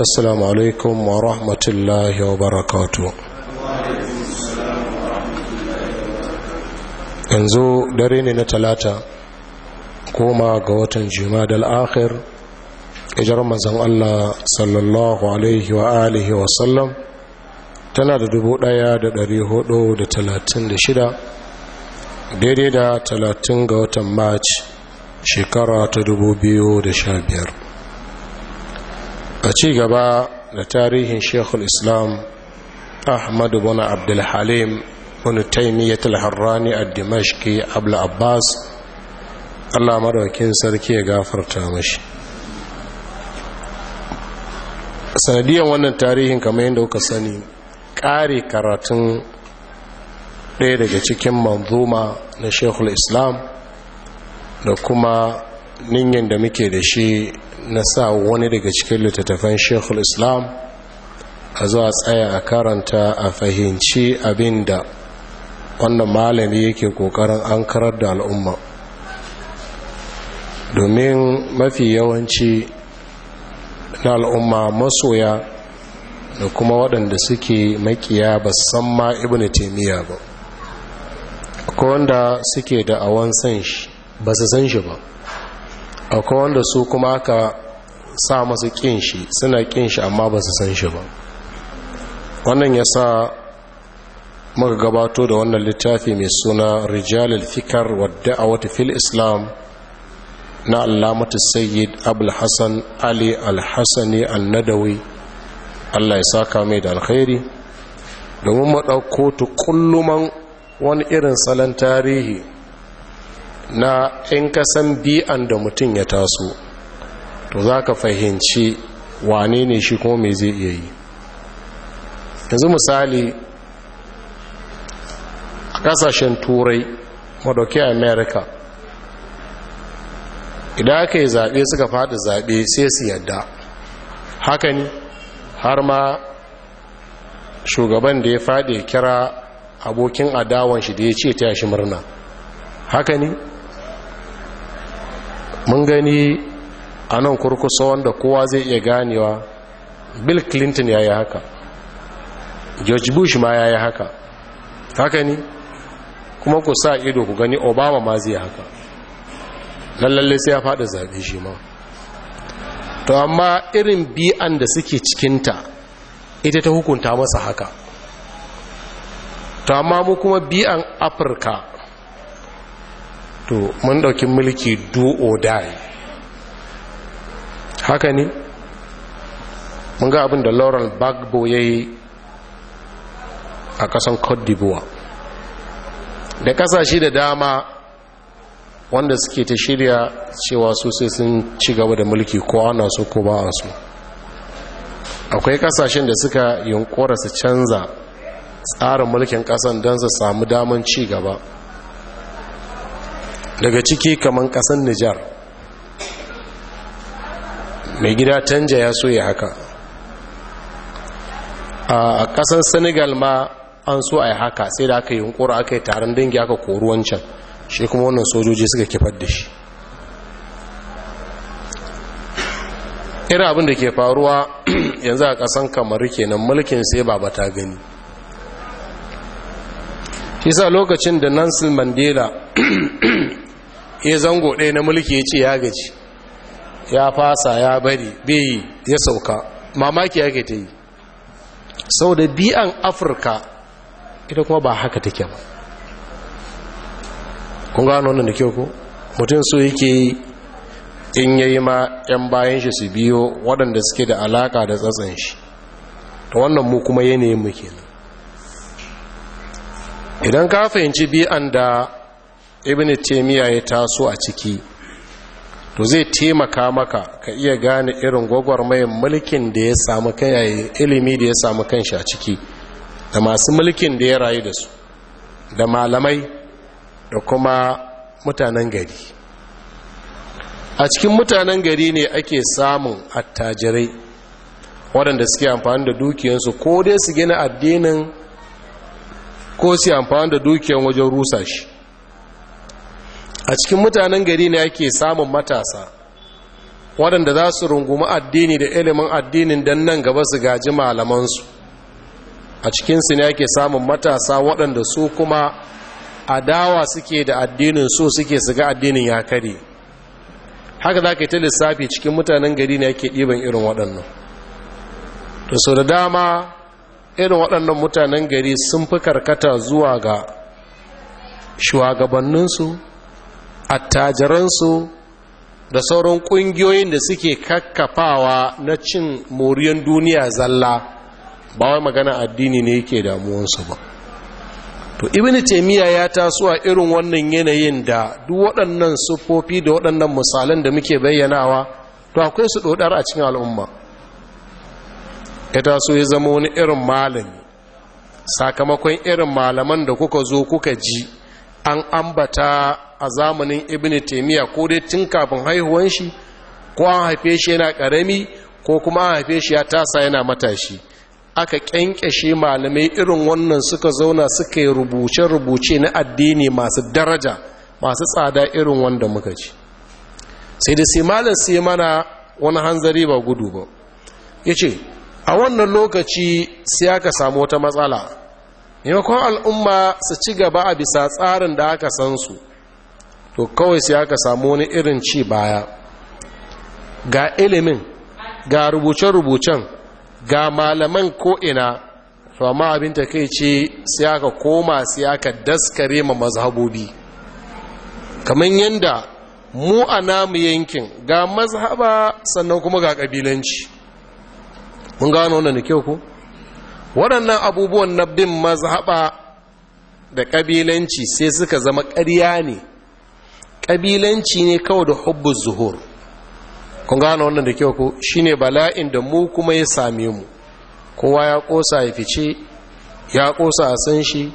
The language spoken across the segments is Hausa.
السلام عليكم ورحمة الله yanzu dare ne na talata koma ga watan jima'a al'akhir ijar manzan Allah sallallahu alaihi wa wa sallam tana da dubu ɗaya da dari hudu da talatin da shida daidai da talatin ga watan march shekara ta dubu biyu da sha biyar a ci gaba da tarihin shekul islam ahmad bin abdulhalim bin taimiyyat al a ad abla abbas allah maraukin sarki ya gafarta mashi sanadiyar wannan tarihin kamar yadda kuka sani ƙari karatun ɗaya daga cikin manzuma na shekul islam da kuma ninyan da muke da shi na sa wani daga cikin littattafan shekul islam a zuwa tsaya a karanta a fahimci abin da wannan malami yake kokarin an karar da al'umma domin mafi yawanci na al'umma masoya da kuma waɗanda suke makiya ba san ma ibn taimiyya ba ko wanda suke da awon san shi ba su san shi ba akwai wanda su kuma aka sa masu kin shi suna kin shi amma ba su san shi ba wannan ya sa muka gabato da wannan littafi mai suna rijalil fikar wadda a wata fil islam na alamatu sayyid abul ali alhassani annadawi allah ya saka mai da alkhairi domin maɗauko kulluman wani irin salon tarihi na in ka san bi'an da mutum ya taso to za ka fahimci wane ne shi kuma mai zai iya yi yanzu misali a kasashen turai madauki america idan aka yi zaɓe suka faɗi zaɓe sai su yadda haka ne har ma shugaban da ya faɗi kira abokin adawan shi da ya ce ta shi murna haka ne mun gani a nan kurkusa wanda kowa zai iya ganewa bill clinton ya yi haka george bush ma ya yi haka haka ni kuma ku sa ido ku gani obama ma zai haka lallalle sai ya faɗi zaɓe shi ma to amma irin bi'an da suke cikinta ita ta hukunta masa haka to amma mu kuma bi'an afirka to mun ɗauki mulki do or die haka ne mun ga abin da laurel bagbo ya yi a ƙasan cote d'ivoire da ƙasashe da dama wanda suke ta shirya cewa su sai sun ci gaba da mulki ko ana so ko ba a so akwai ƙasashen da suka yunkura su canza tsarin mulkin ƙasan don su samu daman ci gaba daga ciki kamar kasan nijar mai gida tanja ya so ya haka a kasan senegal ma an so a yi haka sai da aka yi hunkura aka yi taron dangi aka koruwancan wancan shi kuma wannan sojoji suka kifar da shi irin abin da ke faruwa yanzu a kasan kamar kenan mulkin sai ba ba ta gani shi sa lokacin da nelson mandela ya zango ɗaya na mulki ya ce ya gaji ya fasa ya bari bai ya sauka mamaki ya ta yi sau da biyan afirka ita kuma ba haka take ba kun gano wannan da kyau ko mutum so yake yi in ya yi ma 'yan bayan shi su biyo waɗanda suke da alaka da tsatsan shi ta wannan mu kuma yanayin mu kenan idan ka fahimci biyan da ibn taimiyya ya taso a ciki to zai taimaka maka ka iya gane irin gwagwarmayin mulkin da ya samu ilimi da ya samu kanshi a ciki da masu mulkin da ya rayu da su da malamai da kuma mutanen gari a cikin mutanen gari ne ake samun attajirai waɗanda suke amfani da dukiyansu ko dai su gina addinin ko su amfani da dukiyan wajen rusa shi a cikin mutanen gari ne ake samun matasa waɗanda za su rungumi addini da ilimin addinin don nan gaba su gaji malamansu a cikinsu ne ake samun matasa waɗanda su kuma adawa suke da addinin su suke su ga addinin ya kare haka za ka yi ta lissafi cikin mutanen gari ne ake ɗiban irin waɗannan da sau da dama irin waɗannan mutanen gari sun fi karkata zuwa ga shugabanninsu attajiransu da sauran ƙungiyoyin da suke kakkafawa na cin moriyan duniya zalla ba wai magana addini ne yake damuwansu ba to ibn taimiyya ya taso a irin wannan yanayin da duk waɗannan siffofi da waɗannan misalan da muke bayyanawa to akwai su ɗoɗar a cikin al'umma ya taso ya zama wani irin malami sakamakon irin malaman da kuka zo kuka ji an ambata a zamanin ibn taimiyya ko dai tun kafin haihuwan shi ko an haife shi yana karami ko kuma an haife shi ya tasa yana matashi aka kyankyashe malamai irin wannan suka zauna suka yi rubuce-rubuce na addini masu daraja masu tsada irin wanda muka ci sai da sai malam sai mana wani hanzari ba gudu ba ya ce a wannan lokaci sai aka samu wata matsala maimakon al'umma su ci gaba a bisa tsarin da aka san su to kawai sai aka samu wani irin ci baya ga ilimin ga rubuce-rubucen ga malaman ko'ina fama abin ta kai ce sai aka koma sai aka daskare ma mazhabobi kamar yadda mu a namu yankin ga mazhaba sannan kuma ga ƙabilanci mun gano wannan da kyau ko? waɗannan abubuwan na bin mazhaba da ƙabilanci sai suka zama ƙarya ne ƙabilanci ne kawai da hubbu zuhur kun gane wannan da kyau ko ne bala'in da mu kuma ya same mu kowa ya ƙosa ya fice ya ƙosa a san shi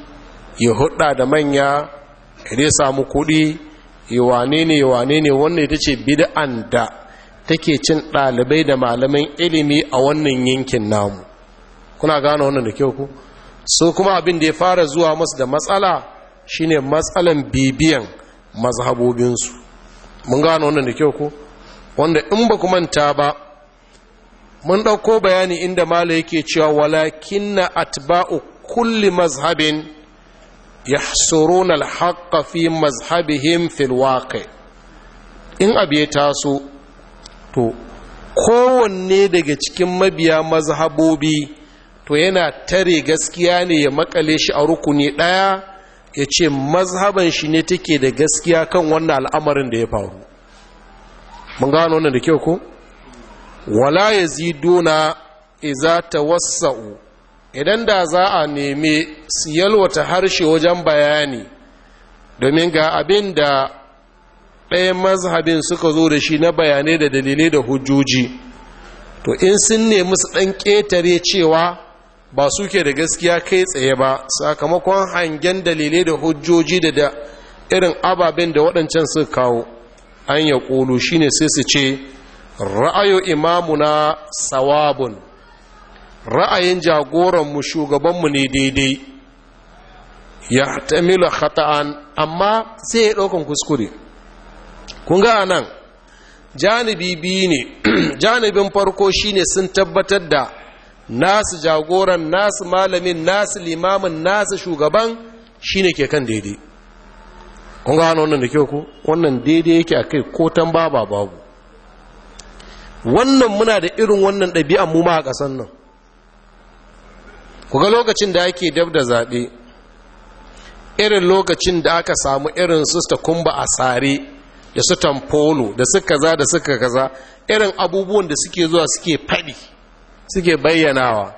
ya hudda da manya ya dai samu kuɗi ya wane ne ya wane ne wannan ita ce bid'an da take cin ɗalibai da malaman ilimi a wannan yankin namu kuna gane wannan da kyau ku so kuma abin da ya fara zuwa masu da matsala shine matsalan bibiyan mazhabobinsu mun gane wannan da kyau ku wanda in ba ku manta ba mun ɗauko bayani inda mala yake cewa walakin na atba'u kulli mazhabin ya tsoronar alhaqqa fi mazhabihim fil waqi in abu ya taso to kowanne daga cikin mabiya mazhabobi to yana tare gaskiya ne ya makale shi a rukuni ɗaya ya ce mazhaban shi ne take da gaskiya kan wannan al'amarin da ya faru mun gano wannan da kyau ko wala ya ziduna iza tawassa'u idan da za a nemi siyalwata harshe wajen bayani domin ga abin da ɗaya mazhabin suka zo da shi na bayanai da dalilai da hujjoji to in sun nemi su ɗan ƙetare cewa ba suke da gaskiya kai tsaye ba sakamakon hangen dalilai da hujjoji da da irin ababen da waɗancan suka kawo an ya ƙulu ne sai su ce ra'ayo imamuna sawabun ra'ayin jagoranmu shugabanmu ne daidai ya tamila khata'an amma sai ya ɗaukan kuskure kun ga anan janibi biyu ne janibin farko shi ne sun tabbatar da nasu jagoran nasu malamin nasu limamin nasu shugaban shine ke kan daidai kun ga wannan da kyau ko wannan daidai yake a kai ko tamba ba babu wannan muna da irin wannan ɗabi'an mu ma a ƙasan nan ku ga lokacin da ake dab da zaɓe irin lokacin da aka samu irin sista kumba a sare da su tamfolo da suka kaza da suka kaza irin abubuwan da suke zuwa suke faɗi suke bayyanawa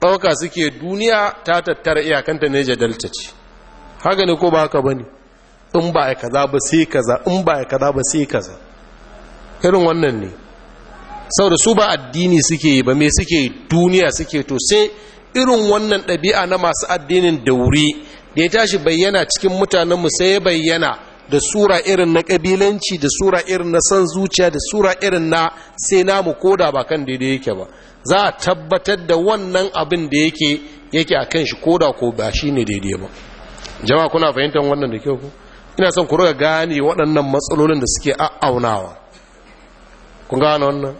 ɗauka suke duniya ta tattara iyakanta ne jadalta ce haka ne ko ba haka ba ne in ba ya kaza ba sai kaza in ba ya kaza ba sai kaza irin wannan ne saboda su ba addini suke yi ba me suke duniya suke to sai irin wannan ɗabi'a na masu addinin da wuri da ya tashi bayyana cikin mutanenmu sai ya bayyana da sura irin na kabilanci da sura irin na san zuciya da sura irin na sai namu koda ba kan daidai yake ba za a tabbatar da wannan abin da yake yake a kan shi koda ko ba shi ne daidai ba jama'a kuna fahimtar wannan da kyau ku ina son ku roga gane waɗannan matsalolin da suke a'aunawa kun gane wannan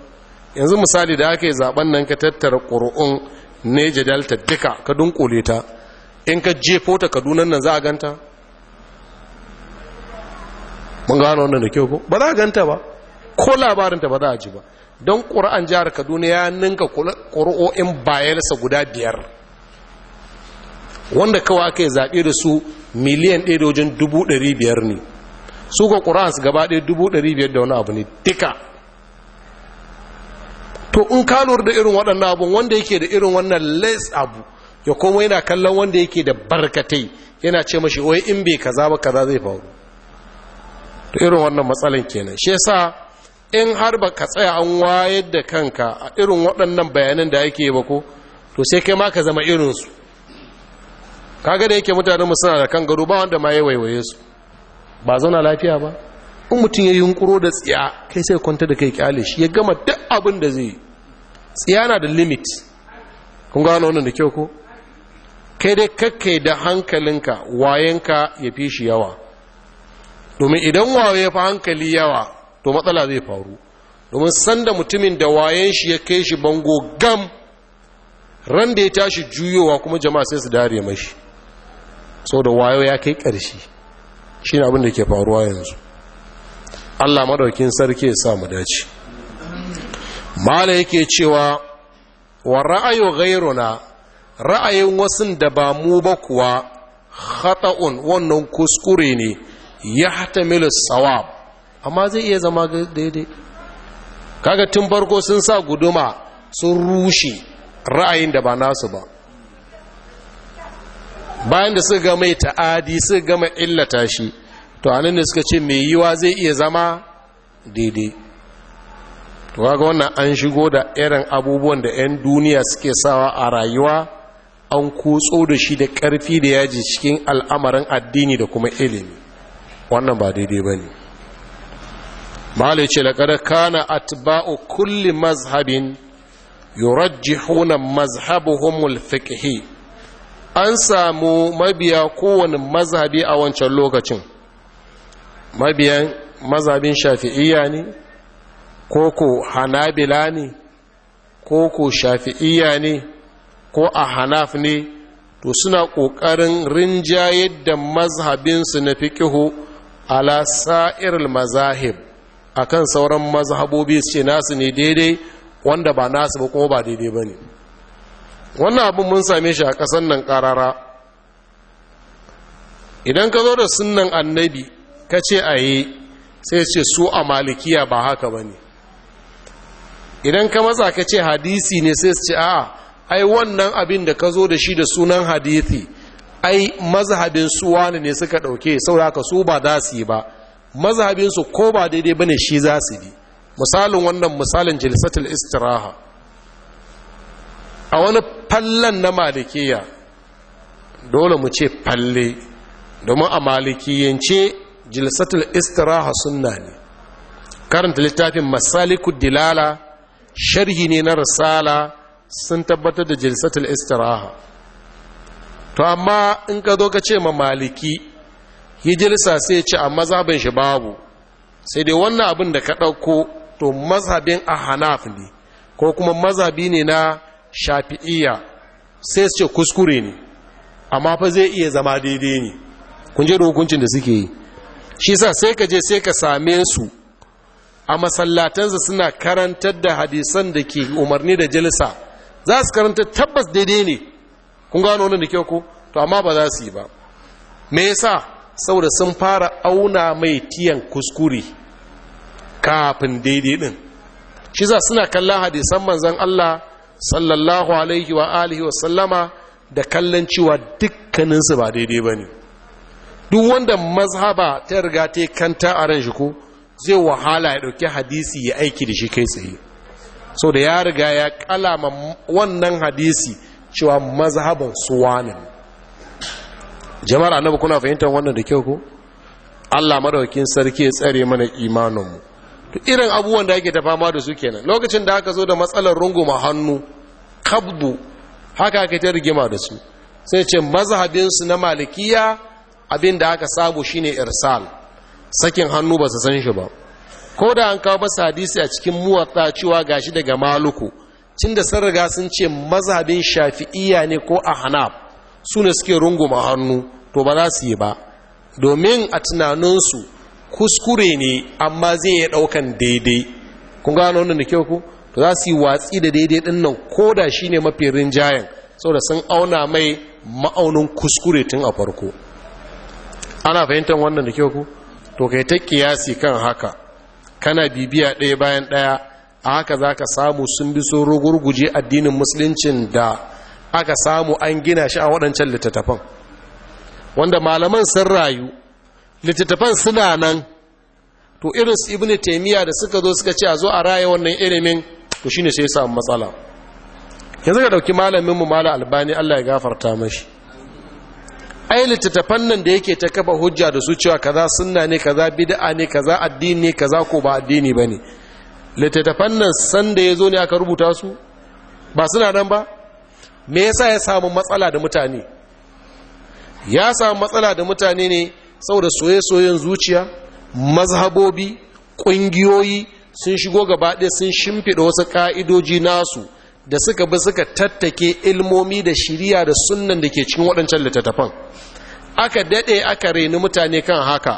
yanzu misali da aka yi zaben nan ka tattara ƙuri'un neja delta duka ka dunkule ta in ka jefo ta kaduna nan za a ganta mun gano wannan da kyau ko ba za a ganta ba ko labarinta ba za a ji ba don ƙura'an jihar kaduna ya ninka ƙuri'o'in bayansa guda biyar wanda kawai aka yi zaɓe da su miliyan ɗaya da wajen dubu ɗari biyar ne su ga ƙura'an su gaba ɗaya dubu ɗari biyar da wani abu ne duka to in ka lura da irin waɗannan abu wanda yake da irin wannan les abu ya koma yana kallon wanda yake da barkatai yana ce mashi wai in bai kaza ba kaza zai faru To irin wannan matsalan kenan shi yasa in har ba ka tsaya an wayar da kanka a irin waɗannan bayanan da ake ba ko to sai kai ma ka zama irinsu kaga da yake mutanen mu suna da kan gado ba wanda ma ya waiwaye su ba zauna lafiya ba in mutum ya yunkuro da tsiya kai sai kwanta da kai kyale shi ya gama duk abin da zai tsiya na da limit kun gano wannan da kyau ko kai dai kakkai da hankalinka wayanka ya fi shi yawa domin idan ya fi hankali yawa to matsala zai faru domin sanda mutumin da wayen shi ya kai shi bango gam ran da ya tashi juyowa kuma jama'a sai su dare mashi da wayo ya kai ƙarshe shi ne abin da ke faruwa yanzu allah maɗaukin sarki ya sa mu dace mala yake cewa wa ra'ayo gairuna ra'ayin wasu da ba mu ba kuwa hata'un wannan kuskure ne ya hatamilu sawab amma zai iya zama daidai kaga tun farko sun sa guduma sun rushe ra'ayin da ba nasu ba bayan da suka gama ta'adi suka gama illata shi to anan da suka ce mai yiwa zai iya zama daidai to kaga wannan an shigo da irin abubuwan da 'yan duniya suke sawa a rayuwa an kutso da shi da ƙarfi da yaji cikin al'amarin addini da kuma ilimi wannan ba daidai ba ne mahalai da laƙada kana atba'u kulli mazhabin yurajjihuna mazhabuhumul fiqhi an samu mabiya kowane mazhabi a wancan lokacin mabiyan mazhabin shafi'iyya ne ko koko hanabila ne ko ku shafi'iyya ne ko a hanaf ne to suna ƙoƙarin rinjayar da mazhabinsu na fiƙihu ala sa'iril mazahib akan sauran mazhabobi su ce nasu ne daidai wanda ba nasu ba kuma ba daidai ba ne wannan abin mun same shi a ƙasan nan ƙarara idan ka zo da sunnan annabi ka ce a yi sai ce su a malikiya ba haka ba ne idan ka maza ka ce hadisi ne sai su ce a ai wannan abin da ka zo da shi da sunan hadisi. ai mazhabin su wani ne suka ɗauke sauraka su ba za su yi ba mazhabin su ko ba daidai bane shi za su bi misalin wannan misalin jilsatul istiraha a wani fallan na malikiya dole mu ce falle domin a malikiyance jilsatul istiraha sunna ne karanta littafin masaliku dilala sharhi ne na risala sun tabbatar da jilsatul istiraha to amma in ka zo ka ce ma maliki hijirsa sai ce a mazhabin shi babu sai dai wannan abin da ka ɗauko to mazhabin a hanaf ne ko kuma mazhabi ne na shafi'iyya sai ce kuskure ne amma fa zai iya zama daidai ne kun je da hukuncin da suke yi shi sa sai ka je sai ka same su a masallatansa suna karantar da hadisan da ke umarni da jilsa, za su karanta tabbas daidai ne kun gano wannan da kyau ko to amma ba za su yi ba me yasa saboda sun fara auna mai tiyan kuskure kafin daidai din shi za suna kallon hadisan manzon Allah sallallahu alaihi wa alihi wa sallama da kallon cewa dukkaninsu ba daidai ba ne duk wanda mazhaba ta riga ta kanta a ran shi ko zai wahala ya ɗauki hadisi ya aiki da shi kai tsaye so da ya riga ya kalama wannan hadisi cewa mazhaban suwanin jama'ar annabi kuna fahimtar wannan da kyau ko Allah madaukakin sarki ya tsare mana imaninmu to irin abubuwan da yake ta fama da su kenan lokacin da aka zo da matsalar runguma hannu kabdu haka ake ta rigima da su sai ce su na malikiya abin da aka sabo shine irsal sakin hannu ba su san shi ba ko da an kawo masa hadisi a cikin muwatta cewa gashi daga maluku Cin da sun riga sun ce mazhabin shafi'iya ne ko a hanaf su ne suke runguma hannu to ba za su yi ba domin a tunaninsu kuskure ne amma zai iya ɗaukan daidai kun gano wannan da kyau ku to za su yi watsi da daidai dinnan nan ko da shi ne mafi rinjayen saboda sun auna mai ma'aunin kuskure tun a farko ana fahimtar wannan da kyau ku to kai ta kiyasi kan haka kana bibiya ɗaya bayan ɗaya a haka za ka samu sun bi sun guje addinin musuluncin da aka samu an gina shi a waɗancan littattafan wanda malaman sun rayu littattafan suna nan to irin su ibini taimiyya da suka zo suka ce a zo a raya wannan ilimin to shi ne sai samu matsala yanzu ka ɗauki malamin mu mala albani allah ya gafarta mashi ai littattafan nan da yake ta kaba hujja da su cewa kaza sunna ne kaza bid'a ne kaza addini ne kaza ko ba addini ba ne. littattafan nan sanda ya zo ne aka rubuta su ba suna nan ba me yasa ya samu matsala da mutane ya samu matsala da mutane ne saboda soye-soyen zuciya mazhabobi ƙungiyoyi sun shigo gaba ɗaya sun shimfiɗa wasu ƙa'idoji nasu da suka bi suka tattake ilmomi da shirya da sunan da ke cikin waɗancan littattafan aka daɗe aka reni mutane kan haka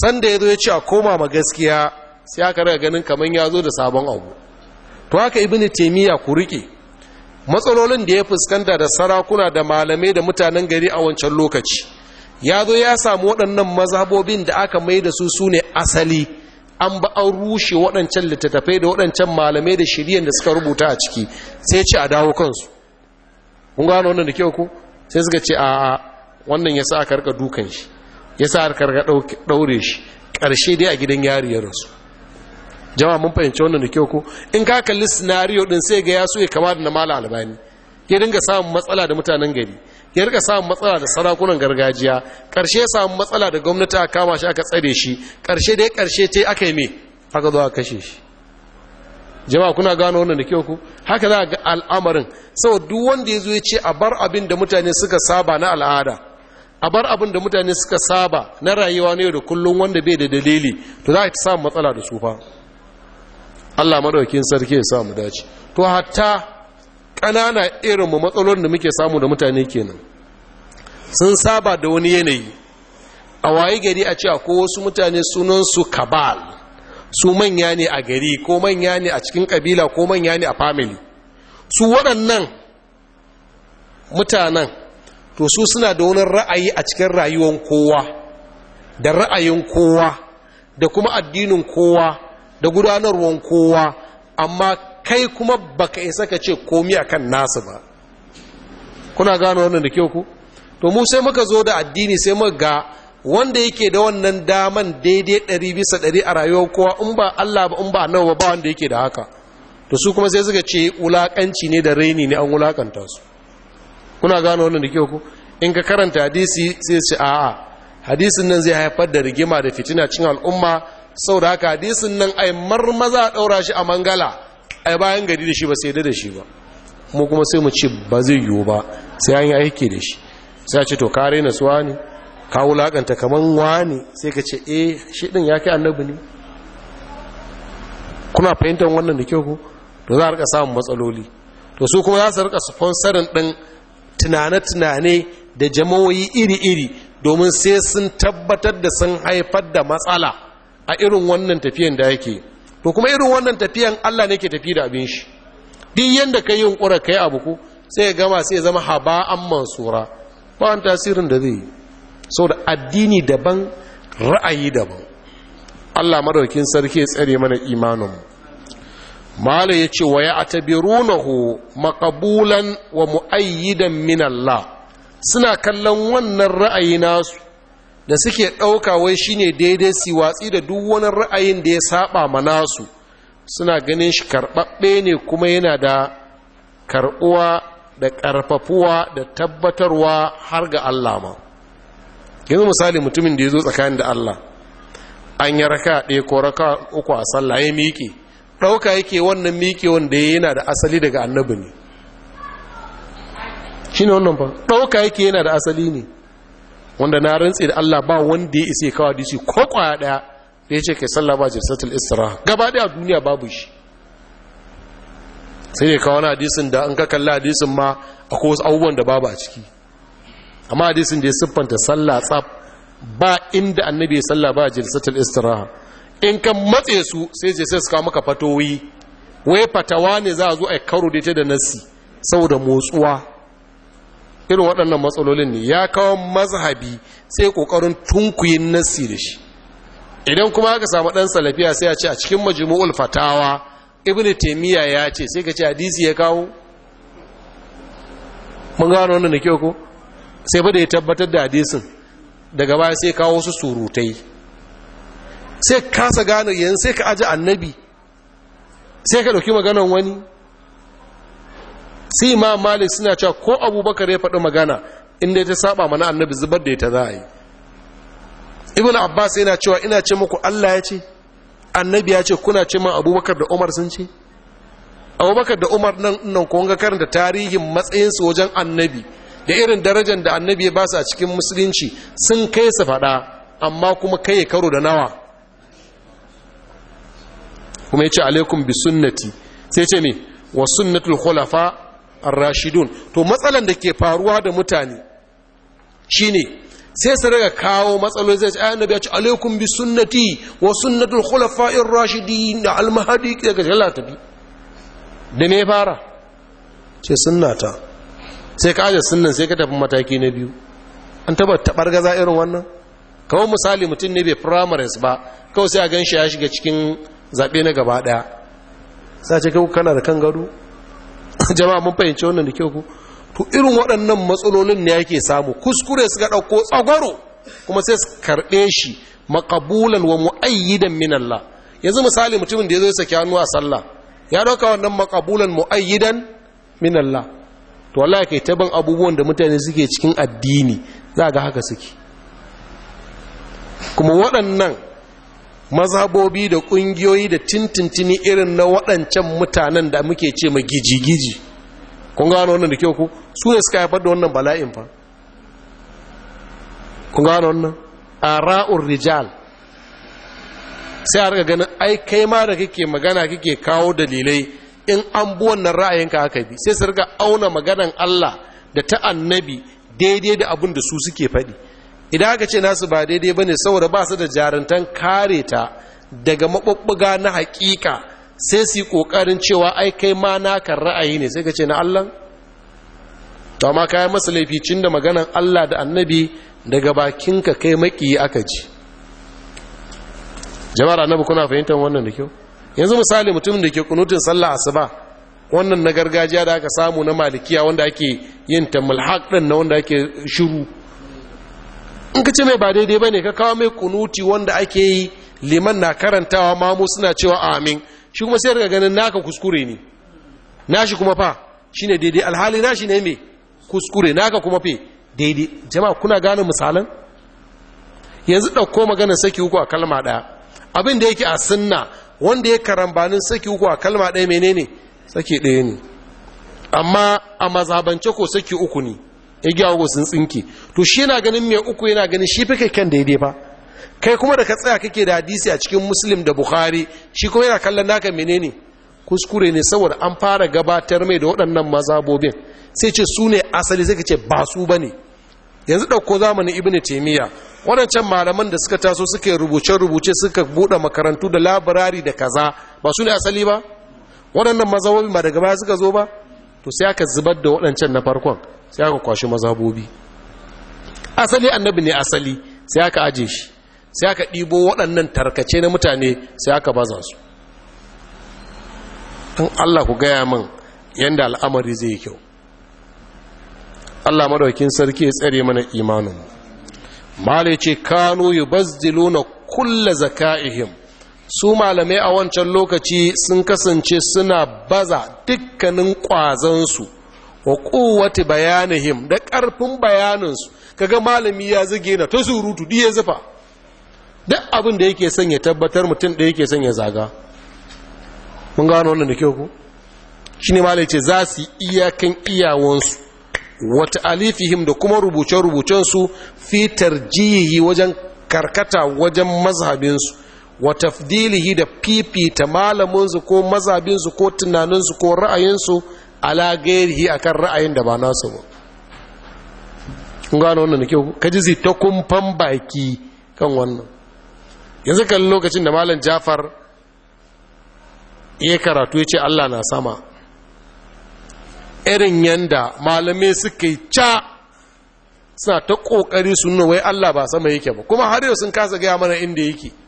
sanda ya zo ya ce a koma ma gaskiya sai aka raga ganin kamar ya zo da sabon abu to haka ibini temiya ku riƙe matsalolin da ya fuskanta da sarakuna da malamai da mutanen gari a wancan lokaci ya zo ya samu waɗannan mazabobin da aka mai da su sune asali an ba an rushe waɗancan littattafai da waɗancan malamai da shiryen da suka rubuta a ciki sai ce a dawo kansu kun gano wannan da kyau ko sai suka ce a wannan ya sa aka rika dukan shi ya sa aka rika ɗaure shi ƙarshe dai a gidan yari jama mun fahimci wannan da kyau ko in ka kalli scenario din sai ga ya so ya kama da na albani ya dinga samun matsala da mutanen gari ya rika samun matsala da sarakunan gargajiya karshe ya samu matsala da gwamnati a kama shi aka tsare shi karshe dai karshe ce aka yi me aka zo aka kashe shi jama'a kuna gano wannan da kyau ko haka za ga al'amarin saboda duk wanda ya zo ya ce a bar abin da mutane suka saba na al'ada a bar abin da mutane suka saba na rayuwa ne da kullum wanda bai da dalili to za a ta samun matsala da su fa Allah maɗaukin sarki ya samu dace to hatta kanana irin mu matsalolin da muke samu da mutane kenan sun saba da wani yanayi a waye gari a cewa ko wasu mutane sunan su kabal su manya ne a gari ko manya ne a cikin kabila ko manya ne a family su waɗannan mutanen to su suna da wani ra'ayi a cikin rayuwar kowa da ra'ayin kowa da kuma addinin kowa da gudanarwar kowa amma kai kuma baka isa ka ce komi kan nasu ba kuna gano wannan da kyau ku to mu sai muka zo da addini sai muka ga wanda yake da wannan daman daidai ɗari bisa ɗari a rayuwar kowa in ba Allah ba in ba nawa ba wanda yake da haka to su kuma sai suka ce wulaƙanci ne da raini ne an wulaƙanta su kuna gano wannan da kyau ku in ka karanta hadisi sai su a'a hadisin nan zai haifar da rigima da fitina cikin al'umma Sau da haka hadisin nan ai a ɗaura shi a mangala a bayan gari da shi ba sai da da shi ba mu kuma sai mu ce ba zai yiwu ba sai an yi aiki da shi sai a ce to kare na suwa ne ka wulakanta kaman wani sai ka ce eh shi ɗin ya kai annabi ne kuna fahimtar wannan da kyau ko to za a rika samun matsaloli to su kuma za su rika sponsorin ɗin tunane-tunane da jama'o'i iri-iri domin sai sun tabbatar da sun haifar da matsala a irin wannan tafiyan da yake to kuma irin wannan tafiyan Allah ne ke tafi da abin shi duk yanda ka yi yunkura kai abu ko sai ya gama sai ya zama haba'an mansura ba an tasirin da zai so da addini daban ra'ayi daban Allah madaukin sarki ya tsare mana imanin mala ya ce wa ya atabirunahu maqabulan wa mu'ayyidan min Allah suna kallon wannan ra'ayi nasu da suke ɗauka wai shine daidai su watsi da duk wani ra'ayin da ya saba ma nasu suna ganin shi karɓaɓɓe ne kuma yana da karɓuwa da ƙarfafuwa da tabbatarwa har ga Allah ma yanzu misali mutumin da ya zo tsakanin da Allah an yi raka ɗaya ko raka uku a sallah ya miƙe ɗauka yake wannan miƙe wanda ya yana da asali daga annabi ne shi wannan ba ɗauka yake yana da asali ne wanda na rantse da Allah ba wanda ya isa kawo hadisi ko kwaya daya da yace kai sallah ba isra gaba daya duniya babu shi sai ne kawo hadisin da an ka kalla hadisin ma akwai wasu abubuwan da babu a ciki amma hadisin da ya siffanta sallah tsaf ba inda annabi ya sallah ba jirsatul istiraha in kan matse su sai je sai su kawo maka fatoyi wai fatawa ne za a zo a karo da ita da nasi saboda motsuwa irin waɗannan matsalolin ne ya kawo mazhabi sai ƙoƙarin tunkuyin nassi da shi idan kuma aka samu ɗan salafiya sai a ce a cikin majimu'ul fatawa ibn taimiyya ya ce sai ka ce hadisi ya kawo mun gano wannan da kyau ko sai bada ya tabbatar da hadisin daga baya sai kawo su surutai sai kasa gano yanzu sai ka aji annabi sai ka ɗauki maganar wani sai ma malik suna cewa ko abubakar ya faɗi magana inda ta saba mana annabi zubar da ita za a yi ibn abbas yana cewa ina ce muku allah ya ce annabi ya ce kuna ce man abubakar da umar sun ce abubakar da umar nan nan kun ga karanta tarihin matsayinsu wajen annabi da irin darajar da annabi ya ba su a cikin musulunci sun kai su faɗa amma kuma kai ya karo da nawa kuma ya ce alaikum bi sunnati sai ce ne wa sunnatul khulafa ar-rashidun to matsalan da ke faruwa da mutane shine sai su daga kawo matsaloli zai ayyana nabi ya ce alaikum bi sunnati wa sunnatul khulafa'ir rashidin da al-mahdi daga jalla bi da me fara ce sunnata sai ka aje sunnan sai ka tafi mataki na biyu an taba tabar gaza irin wannan kawai misali mutum ne bai primaries ba kawai sai a gan shi ya shiga cikin zaɓe na gaba ɗaya sai ce kai kana da kan gado jama'a mun fahimci wannan da kyau to irin waɗannan matsalolin ne yake samu kuskure su suka ɗauko tsagwaro kuma sai su karɓe shi makabulan wa mu'ayyidan min Allah yanzu misali mutumin da ya zo ya saki hannu a sallah ya ɗauka wannan makabulan mu'ayyidan min Allah to wallahi kai ta abubuwan da mutane suke cikin addini za ga haka suke kuma waɗannan Mazabobi da ƙungiyoyi da tintintini irin na waɗancan mutanen da muke ce ma gijigiji kun gano wannan da kyau ku su ne suka haifar da wannan bala'in fa kun gano wannan A ra'ur rijal sai a rika ganin ai kai ma da kake magana kake kawo dalilai in an bi wannan ra'ayinka aka bi sai su rika auna maganan Allah da ta annabi daidai da abin da su suke faɗi idan aka ce nasu ba daidai ba ne saboda ba su da jarantan kare ta daga maɓuɓɓuga na haƙiƙa sai su yi ƙoƙarin cewa ai kai ma naka ra'ayi ne sai ka ce na allan to amma kayan masa laifin da maganan allah da annabi daga bakinka kai maƙiyi aka ji jama'ar annabi kuna fahimtar wannan da kyau yanzu misali mutum da ke kunutun sallah asuba wannan na gargajiya da aka samu na malikiya wanda ake yin ta mulhaq na wanda ake shiru in ka ce mai ba daidai ba ne ka kawo mai kunuti wanda ake yi liman na karantawa mamu suna cewa amin shi kuma sai daga ganin naka kuskure ne nashi kuma fa shi ne daidai alhali nashi ne mai kuskure naka kuma fi daidai jama'a kuna gane misalan yanzu ɗauko maganar saki uku a kalma ɗaya abin da yake a sunna wanda ya karambanin saki uku a kalma ɗaya menene saki ɗaya ne amma a mazabance ko saki uku ne igiya uku sun tsinke to shi yana ganin mai uku yana ganin shi fi kai daidai ba kai kuma da ka tsaya kake da hadisi a cikin muslim da buhari shi kuma yana kallon naka menene kuskure ne saboda an fara gabatar mai da waɗannan mazabobin sai ce su ne asali sai ka ce ba su ba ne yanzu ɗauko zamanin ibn taimiyya waɗancan malaman da suka taso suka suke rubuce-rubuce suka buɗe makarantu da labirari da kaza ba su ne asali ba waɗannan mazabobin ba daga baya suka zo ba to sai aka zubar da waɗancan na farkon sai aka kwashi mazabobi asali annabi ne asali sai aka aje shi sai aka ɗibo waɗannan tarkace na mutane sai aka baza su don allah ku gaya min yadda al'amari zai kyau allah madaukin sarki ya tsare mana imanin malai ce kano yi bazdilo na kulla zaka'ihim su malamai a wancan lokaci sun kasance suna baza dukkanin ƙwazansu wa kowace bayanihim da ƙarfin bayaninsu kaga malami ya zige na ta surutu ɗiye zufa duk abin da yake son ya tabbatar mutum da yake son ya zaga mun gano wannan da kyau ku shi ne malai ce za su iyakan iyawansu wata alifihim da kuma rubuce-rubucensu fitar jihi wajen karkata wajen mazhabinsu wata tafdilihi da fifita malaminsu ko mazhabinsu ko tunaninsu ko ra'ayinsu ala gairihi kan ra'ayin da ba nasu ba kun gano wannan kyau ka ji zai ta kumfan baki kan wannan yanzu kan lokacin da malam jafar ya karatu ya ce allah na sama irin yanda malamai suka yi ca suna ta ƙoƙari sun wai allah ba sama yake ba kuma har yau sun kasa gaya mana inda yake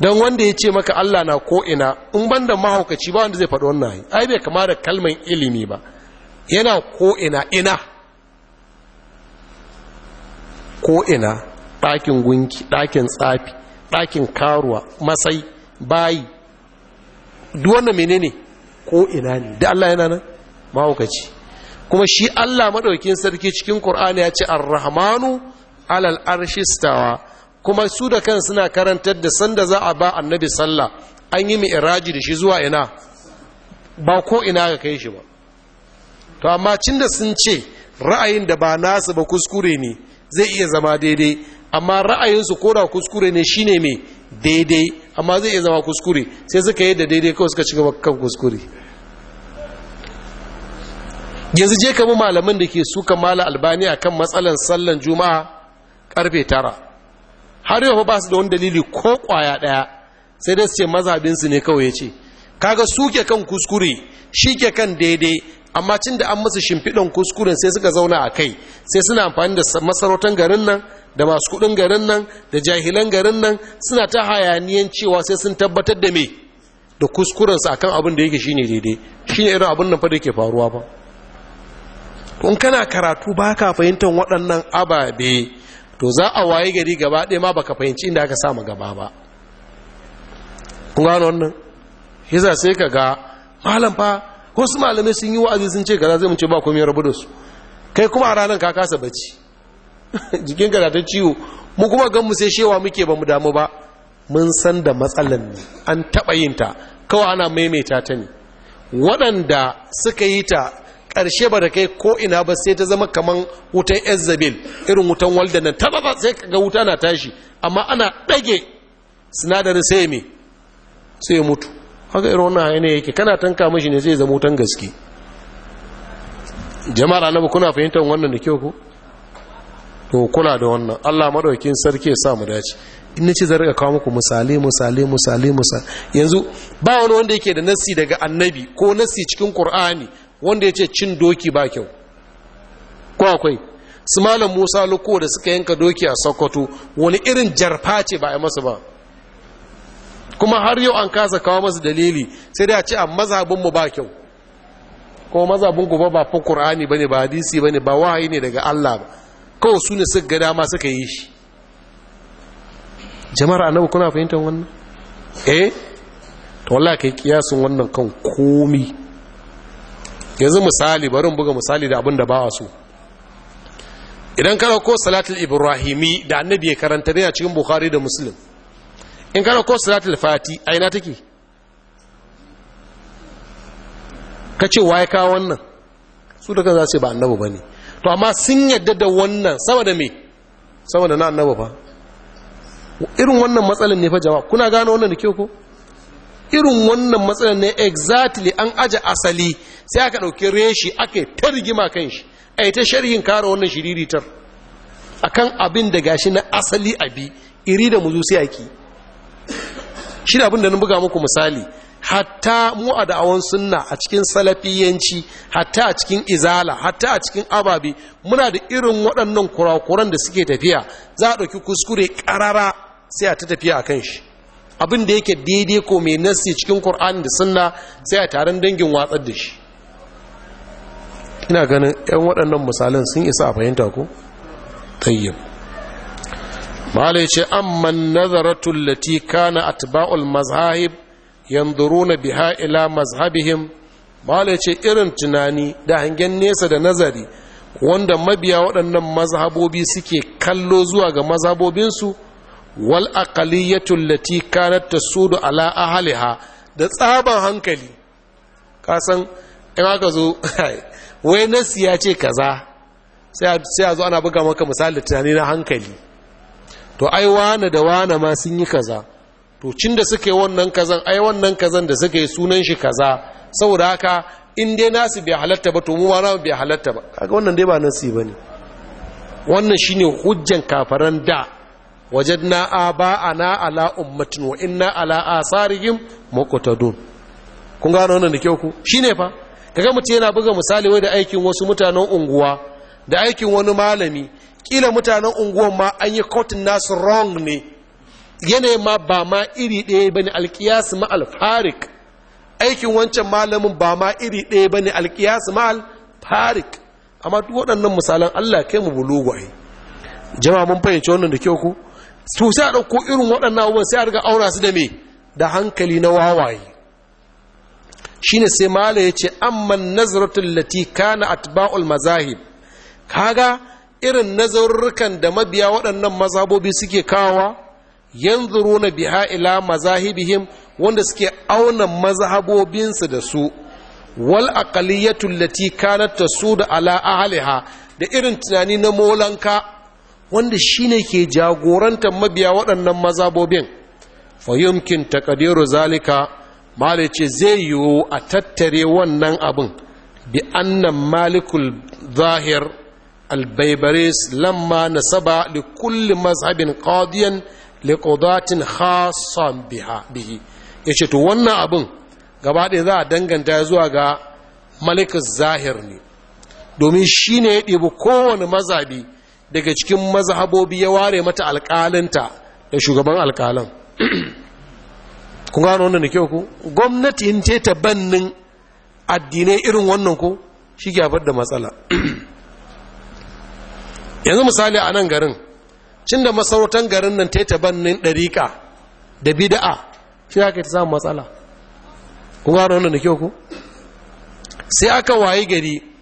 don wanda ya ce maka Allah na ko'ina in banda mahaukaci ba wanda zai faɗi wannan ai bai kama da kalman ilimi ba yana ko'ina ina ko'ina ɗakin gunki ɗakin tsafi ɗakin karuwa masai bayi duwanda menene ko'ina ne da Allah yana nan mahaukaci kuma shi Allah maɗaukin sarki cikin ƙur'ani ya ce arrahmanu alal arshistawa kuma su da kan suna karantar da sanda za a ba annabi sallah an yi iraji da shi zuwa ina ba ko ina ga kai shi ba to amma cin da sun ce ra'ayin da ba nasu ba kuskure ne zai iya zama daidai amma ra'ayinsu ko da kuskure ne shine mai daidai amma zai iya zama kuskure sai suka yi da daidai kawai suka ci kan kuskure yanzu je kamar malamin da ke suka mala albani akan matsalan sallan juma'a karfe tara har yau ba su da wani dalili ko kwaya ɗaya sai dai su ce mazabinsu ne kawai ya ce kaga su ke kan kuskure shi ke kan daidai amma cin da an musu shimfiɗan kuskure sai suka zauna a kai sai suna amfani da masarautar garin nan da masu kuɗin garin nan da jahilan garin nan suna ta hayaniyan cewa sai sun tabbatar da me da su akan abin da yake shine daidai shine irin abin nan fa da yake faruwa ba kun kana karatu ba ka fahimtar waɗannan ababe to za a waye gari gaba ɗaya ma baka fahimci inda aka samu gaba ba kun gano wannan yasa sai ka ga malam fa wasu malamai sun yi wa'azi sun ce kaza zai mun ce ba komai rabu da su kai kuma a ranar ka kasa bacci jikin ka ta ciwo mu kuma gan mu sai shewa muke ba mu damu ba mun san da matsalan ne an taɓa yin ta kawai ana maimaita ta ne waɗanda suka yi ta ƙarshe ba da kai ko ina ba sai ta zama kaman wutan ezabel irin wutan walda nan ta ba sai ga wuta na tashi amma ana ɗage sinadarin sai mai sai mutu haka irin wannan hanyar yake kana tanka mashi ne sai zama wutan gaske jama'ar annabi kuna fahimtar wannan da kyau ko to kula da wannan Allah madaukin sarki ya sa mu dace in nace zan rika kawo muku misali misali misali misali yanzu ba wani wanda yake da nassi daga annabi ko nassi cikin qur'ani wanda ya ce cin doki ba kyau ko akwai su malam musa luko da suka yanka doki a sokoto wani irin jarfa ce ba a masa ba kuma har yau an kasa kawo masa dalili sai dai a ce a mazabinmu ba kyau ko mazabin ku ba ba fa qur'ani bane ba hadisi bane ba wahayi ne daga Allah ba kawai su ne suka ga dama suka yi shi jama'ar annabi kuna fahimtar wannan eh to wallahi kai kiyasin wannan kan komi yanzu misali barin buga misali da abin da ba a so idan ka ko salatul ibrahimi da annabi ya karanta ne a cikin bukhari da muslim in ka ko salatul fati a ina take ka ce waye kawo wannan su da kan za su ba annabi ba ne to amma sun yadda da wannan sama da me sama da na annabi ba irin wannan matsalin ne fa jama'a kuna gano wannan da kyau ko irin wannan matsalar ne exactly an aje asali sai aka ɗauki reshi aka ta rigima kan shi a yi ta sharhin kara wannan shiriritar a kan abin da gashi na asali abi iri da muzu sai ake shi da abin da na buga muku misali hatta mu a da'awan sunna a cikin salafiyanci hatta a cikin izala hatta a cikin ababe muna da irin waɗannan kurakuran da suke tafiya za a ɗauki kuskure ƙarara sai a ta tafiya a kan shi abin da yake daidai ko mai nasi cikin ƙur'ani da sunna sai a taron dangin watsar da shi ina ganin 'yan waɗannan misalan sun isa a fahimta ko tayyib mala ce amman nazaratul lati kana atba'ul mazahib yanzuruna biha ila mazhabihim mala ce irin tunani da hangen nesa da nazari wanda mabiya waɗannan mazhabobi suke kallo zuwa ga mazhabobinsu wal aqaliyatu allati kanat tasudu ala ahliha da tsaban hankali ka san in aka zo wai nasi ya ce kaza sai a zo ana buga maka misali tunani na hankali to ai wane da wane ma sun yi kaza to cin da suke wannan kazan ai wannan kazan da suke sunan shi kaza saboda haka in dai nasu bai halatta ba to mu ma bai halatta ba kaga wannan dai ba nasi bane wannan shine hujjan kafaran da wajadna aba'ana ala ummatin wa inna ala asarihim muqtadun kun gano wannan da kyau ku Shi ne fa kaga mutum yana buga misali wai da aikin wasu mutanen unguwa da aikin wani malami kila mutanen unguwan ma an yi kotun nasu wrong ne yanayin ma ba ma iri ɗaya bane alkiyas ma alfarik aikin wancan malamin ba ma iri ɗaya bane alkiyas ma alfarik amma duk waɗannan misalan Allah kai mu bulugu ai jama'a mun fahimci wannan da kyau ku to sai a ɗauko irin waɗannan abubuwan sai a riga auna su da me da hankali na wawaye ne sai mala ya ce amman nazaratul lati kana atba'ul mazahib kaga irin nazarurrukan da mabiya waɗannan mazhabobi suke kawa na biha ila mazahibihim wanda suke auna mazhabobinsu da su wal aqaliyatul lati kanat tasudu ala ahliha da irin tunani na molanka wanda shine ke jagorantar mabiya waɗannan mazabobin fayyumkin takadiru zalika malik ce zai yiwu a tattare wannan abin bi annan malikul zahir albaibaris lamma nasaba li kulli mazhabin qadiyan li qudatin khassan bihi yace to wannan abin gaba ɗaya za a danganta zuwa ga malikus zahir ne domin shine ya ɗebi kowane mazabi daga cikin mazhabobi ya ware mata alƙalinta da shugaban alƙalan Ku gano wannan da kyau ku gwamnati in ce ta bannin addinai irin wannan ku shi gyabar da matsala yanzu misali a nan garin cin da masarautar garin nan ta yi ta bannin ɗariƙa da bida'a shi haka ta samun matsala Ku gano wannan da kyau ku sai aka waye gari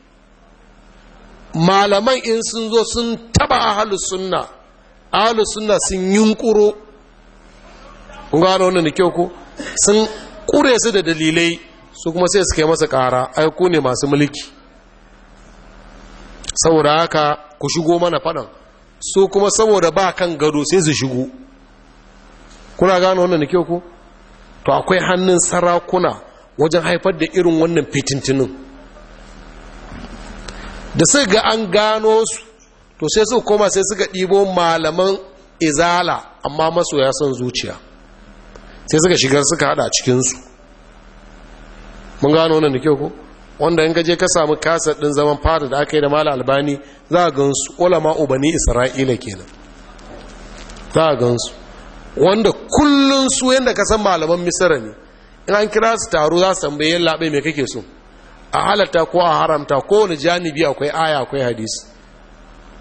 malaman in sun zo sun taba ahalus sunna ahalus sunna sun yunkuro kun gano wannan da kyau ko sun kure su da dalilai su kuma sai su masa kara ai ku ne masu mulki saboda haka ku shigo mana fadan su kuma saboda ba kan gado sai su shigo kuna gano wannan da kyau ko to akwai hannun sarakuna wajen haifar da irin wannan fitintinin da suka ga an gano su to sai su koma sai suka ɗibo malaman izala amma maso ya son zuciya sai suka shiga suka hada cikinsu mun gano nan da kyau ko wanda in gaje ka samu kasar ɗin zaman fada da aka yi da mala albani za a gansu ulama ubani isra'ila kenan za a gansu wanda kullun su yadda ka san malaman misira ne in an kira su taro za su tambaye labai mai kake so a halatta ko a haramta ko wani janibi akwai aya akwai hadisi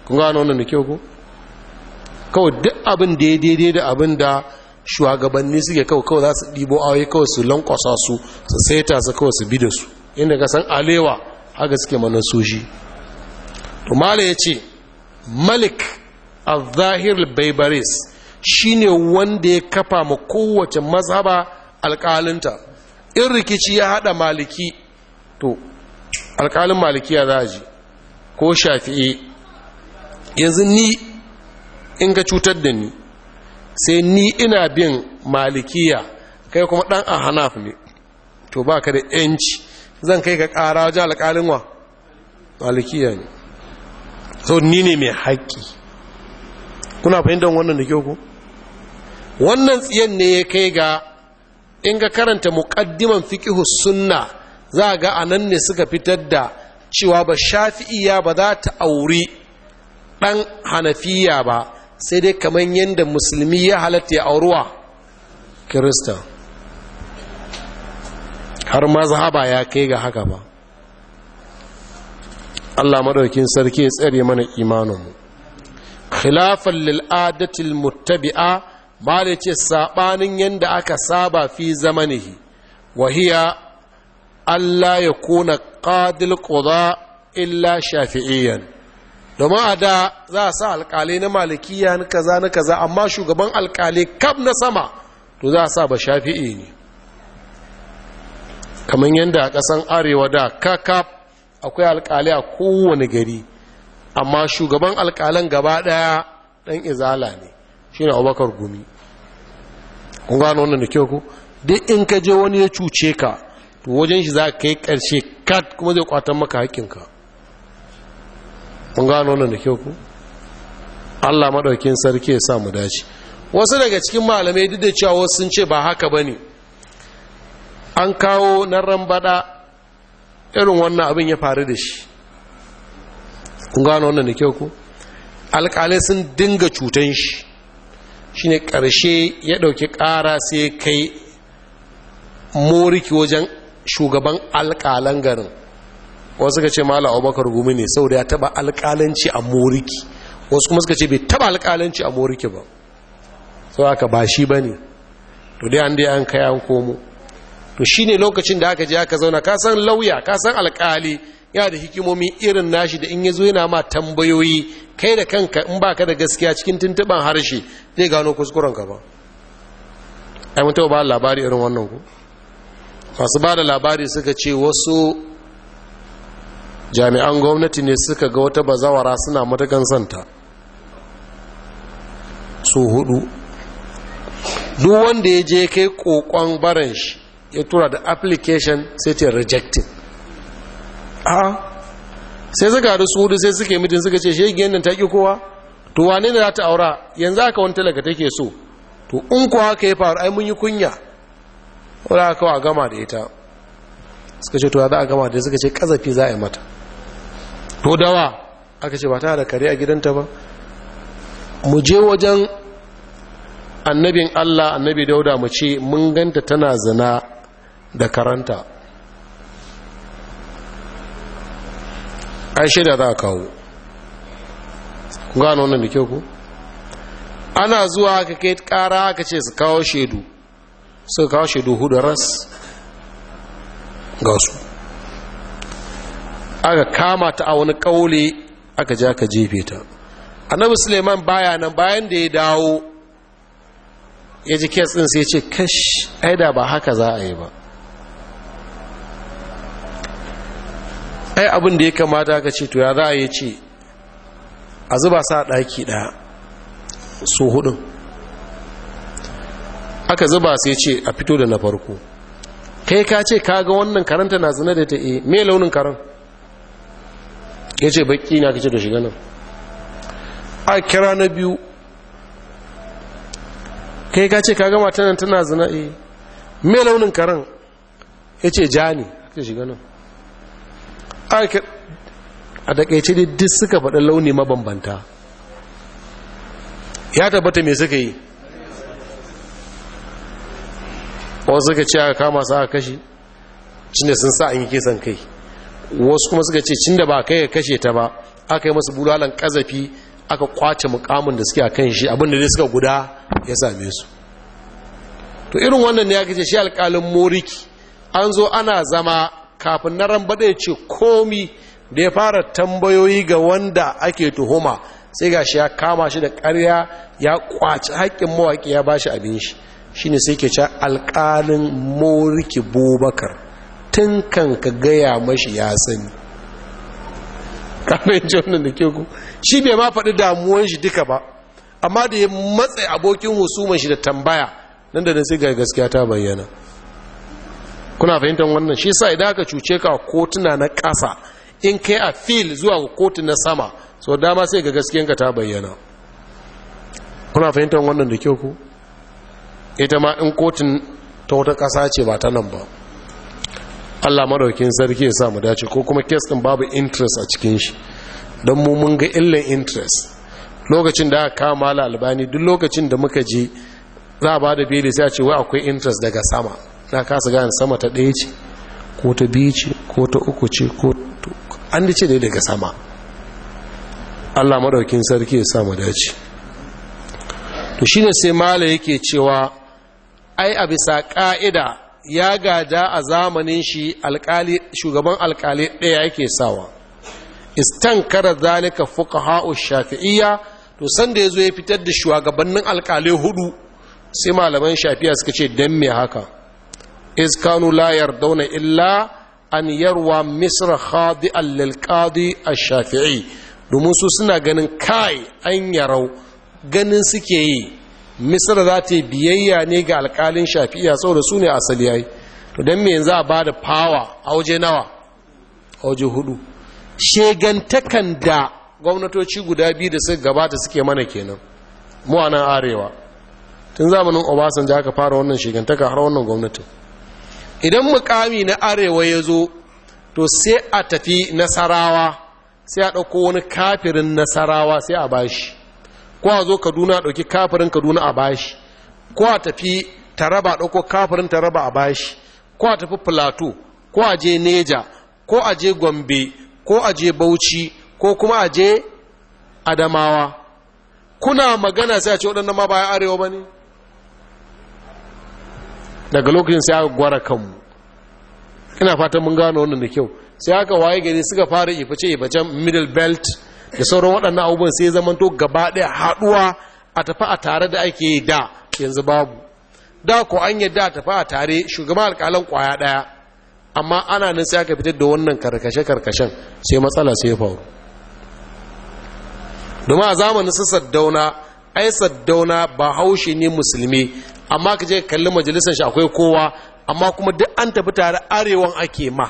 kun gano wannan da kyau ko kawai duk abin da ya daidai da abin da shugabanni suke kawai kawai za su ɗibo awaye kawai su lankwasa su su saita su kawai su bi da su inda ka san alewa haka suke mana soshi to mala ya ce malik al-zahir baibaris ne wanda ya kafa ma kowace mazhaba alkalinta in rikici ya haɗa maliki to alƙalin malikiya za a ji ko shafi'i yanzu ni in ga cutar da ni sai ni ina bin malikiya kai kuma ɗan a hanaf ne to ba ka da ‘yanci zan kai ka ƙara wajen alƙalin wa malikiya ne so ni ne mai haƙƙi kuna fahimtar wannan da kyau ku wannan tsiyan ne ya kai ga in ga karanta muƙaddiman fiƙihu sunna za ga a nan ne suka fitar da cewa ba shafi'iya ba za ta auri ɗan hanafiya ba sai dai kamar yadda musulmi ya halatta ya auruwa kirista har mazhaba ya kai ga haka ba allah maɗaukin sarki ya tsare mana imaninmu khilafan lil'adatil muttabi'a ba da ce saɓanin yadda aka saba fi zamanihi wahiya Allah ya kuna qadil qada illa shafi'iyan domin a da za a sa alkalai na malikiya na kaza na kaza amma shugaban alkalai kab na sama to za a sa ba shafi'i ne kamar yadda a ƙasan arewa da kakaf akwai alkalai a kowane gari amma shugaban alkalan gaba ɗaya ɗan izala ne shi ne abubakar gumi kun gano wannan da kyau ku duk in ka je wani ya cuce ka to wajen shi za ka yi ƙarshe kat kuma zai kwatan maka haƙƙinka mun gano wannan da kyau ku allah maɗaukin sarki ya sa mu dace wasu daga cikin malamai duk da cewa wasu sun ce ba haka ba ne an kawo na rambada irin wannan abin ya faru da shi kun gano wannan da kyau ku alƙalai sun dinga cutan shi Shi ne ƙarshe ya ɗauki ƙara sai kai moriki wajen shugaban alƙalan garin wasu suka ce mala abubakar gumi ne sau da ya taba alƙalanci a moriki wasu kuma suka ce bai taba alƙalanci a moriki ba sau aka ba shi ba ne to dai an dai an kai an komo to shi ne lokacin da aka je aka zauna kasan lauya kasan alƙali yana da hikimomi irin nashi da in ya zo yana ma tambayoyi kai da kanka in ba ka da gaskiya cikin tuntuɓan harshe zai gano ka ba ai mun ba labari irin wannan ku masu ba da labari suka ce wasu jami'an gwamnati ne suka ga wata bazawara suna matakan santa su hudu duk wanda ya je kai kokon baran shi ya tura da application sai ce rejected a sai suka haɗu su hudu sai suke mutum suka ce shi nan ta ki kowa to wane ne za ta aura yanzu aka wani talaka take so to in kuwa haka ya faru ai mun yi kunya wadda kawai a gama da ita suka ce to za a gama da suka ce kazafi za a yi mata to dawa aka ce ba ta da kare a gidanta ba mu je wajen annabin allah annabi dauda mu ce mun ganta tana zina da karanta ai shida za a kawo gano wannan da kyau ku ana zuwa aka kai kara aka ce su kawo shaidu suka kawo shaidu hudu ras ga su aka kama ta a wani kaule aka ja ka jefe ta annabi suleiman baya nan bayan da ya dawo ya ji kes ɗin sai ce kash aida ba haka za a yi ba ai abin da ya kamata aka ce to ya za a yi ce a zuba sa ɗaki ɗaya su hudun aka zuba sai ce a fito da na farko kai ka ce ka ga wannan karanta na zina da ta e eh, me launin karan ya ce baki na kace da shiga nan a kira na biyu kai ka ce ka ga matan tana zina e me launin karan ya ce ja ne kace shiga nan a daƙaice dai duk suka faɗa launi mabambanta ya tabbata me suka yi wasu suka ce aka kama su aka kashe cinda sun sa an yi kisan kai wasu kuma suka ce cinda ba kai ya kashe ta ba aka yi masu bulalan kazafi aka kwace mukamin da suke a kan shi abinda dai suka guda ya same su to irin wannan ne ya kace shi alƙalin moriki an zo ana zama kafin na rambaɗe ce komi da ya fara tambayoyi ga wanda ake tuhuma sai ga shi ya kama shi da ƙarya ya kwaci haƙƙin mawaƙi ya ba shi abin shi ne sai ke ca alƙalin moriki bubakar tun kan ka gaya mashi ya sani kafin ji wannan da ke ku shi bai ma faɗi damuwan shi duka ba amma da ya matsa abokin husuman shi da tambaya nan da nan sai ga gaskiya ta bayyana kuna fahimtar wannan shi sa idan aka cuce ka kotuna na ƙasa in kai a fil zuwa ga kotu na sama so dama sai ga gaskiyanka ta bayyana kuna fahimtar wannan da kyau ku ita ma in kotun ta wata ƙasa ce ba ta nan ba allah maɗaukin sarki ya sa mu dace ko kuma kes ɗin babu interest a cikin shi don mu mun ga illan interest lokacin da aka kama mala albani duk lokacin da muka je za a ba da beli sai a ce wai akwai interest daga sama na kasa gane sama ta ɗaya ce ko ta biyu ce ko ta uku ce ko an ce dai daga sama allah maɗaukin sarki ya sa mu dace to shi ne sai mala yake cewa ai a bisa ƙa'ida ya gada a zamanin shi shugaban alkali ɗaya yake sawa istankara zalika ha'u shafi'iyya to sanda ya zo ya fitar da shugabannin alkali hudu sai malaman shafi'a suka ce dan me haka iskanu la yardawna illa an yarwa misr khadi'an lil qadi ash-shafi'i domin su suna ganin kai an yarau ganin suke yi Misira za ta yi biyayya ne ga alkalin shafi'iya saboda su ne asali yayi to don me yanzu a ba da fawa a waje nawa a waje hudu shegantakan da gwamnatoci guda biyu da suka gabata suke mana kenan mu a arewa tun zamanin obasan aka fara wannan shigantaka har wannan gwamnatin idan mukami na arewa ya zo to sai a tafi nasarawa sai a ɗauko wani kafirin nasarawa sai a bashi ko a zo kaduna ɗauki kafirin kaduna a bashi ko a tafi taraba ɗauko kafirin taraba a bashi ko a tafi filato ko a je neja ko a je gombe ko a je bauchi ko kuma a je adamawa kuna magana sai a ce waɗannan ma bayan arewa ba ne daga lokacin sai aka gwara kanmu ina fatan mun gano wannan da kyau sai aka waye gari suka fara iface ifacen middle belt da sauran waɗannan abubuwan sai zamanto gaba ɗaya haɗuwa a tafi a tare da ake da yanzu babu da ko an yadda a tafi a tare shugaban alƙalan ƙwaya ɗaya amma ana nan sai aka fitar da wannan karkashe-karkashen sai matsala sai ya faru domin a zamanin su saddauna ai saddauna ba haushi ne musulmi amma ka je kalli majalisar shi akwai kowa amma kuma duk an tafi tare arewan ake ma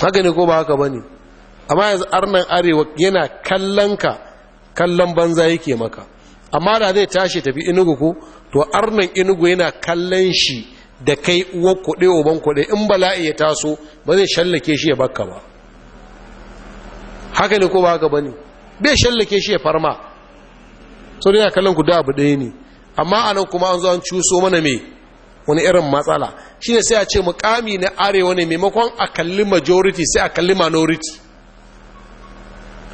haka ne ko ba haka ba ne amma yanzu arnan arewa yana kallon ka kallon banza yake maka amma da zai tashi tafi inugu ko to arnan inugu yana kallon shi da kai uwa kuɗe uban kuɗe in bala'i ya taso ba zai shallake shi ya bakka ba haka ne ko ba haka bane bai shallake shi ya farma so da yana kallon ku da abu ɗaya ne amma anan kuma an zo an cuso mana me wani irin matsala shi ne sai a ce mukami na arewa ne maimakon a kalli majority sai a kalli minority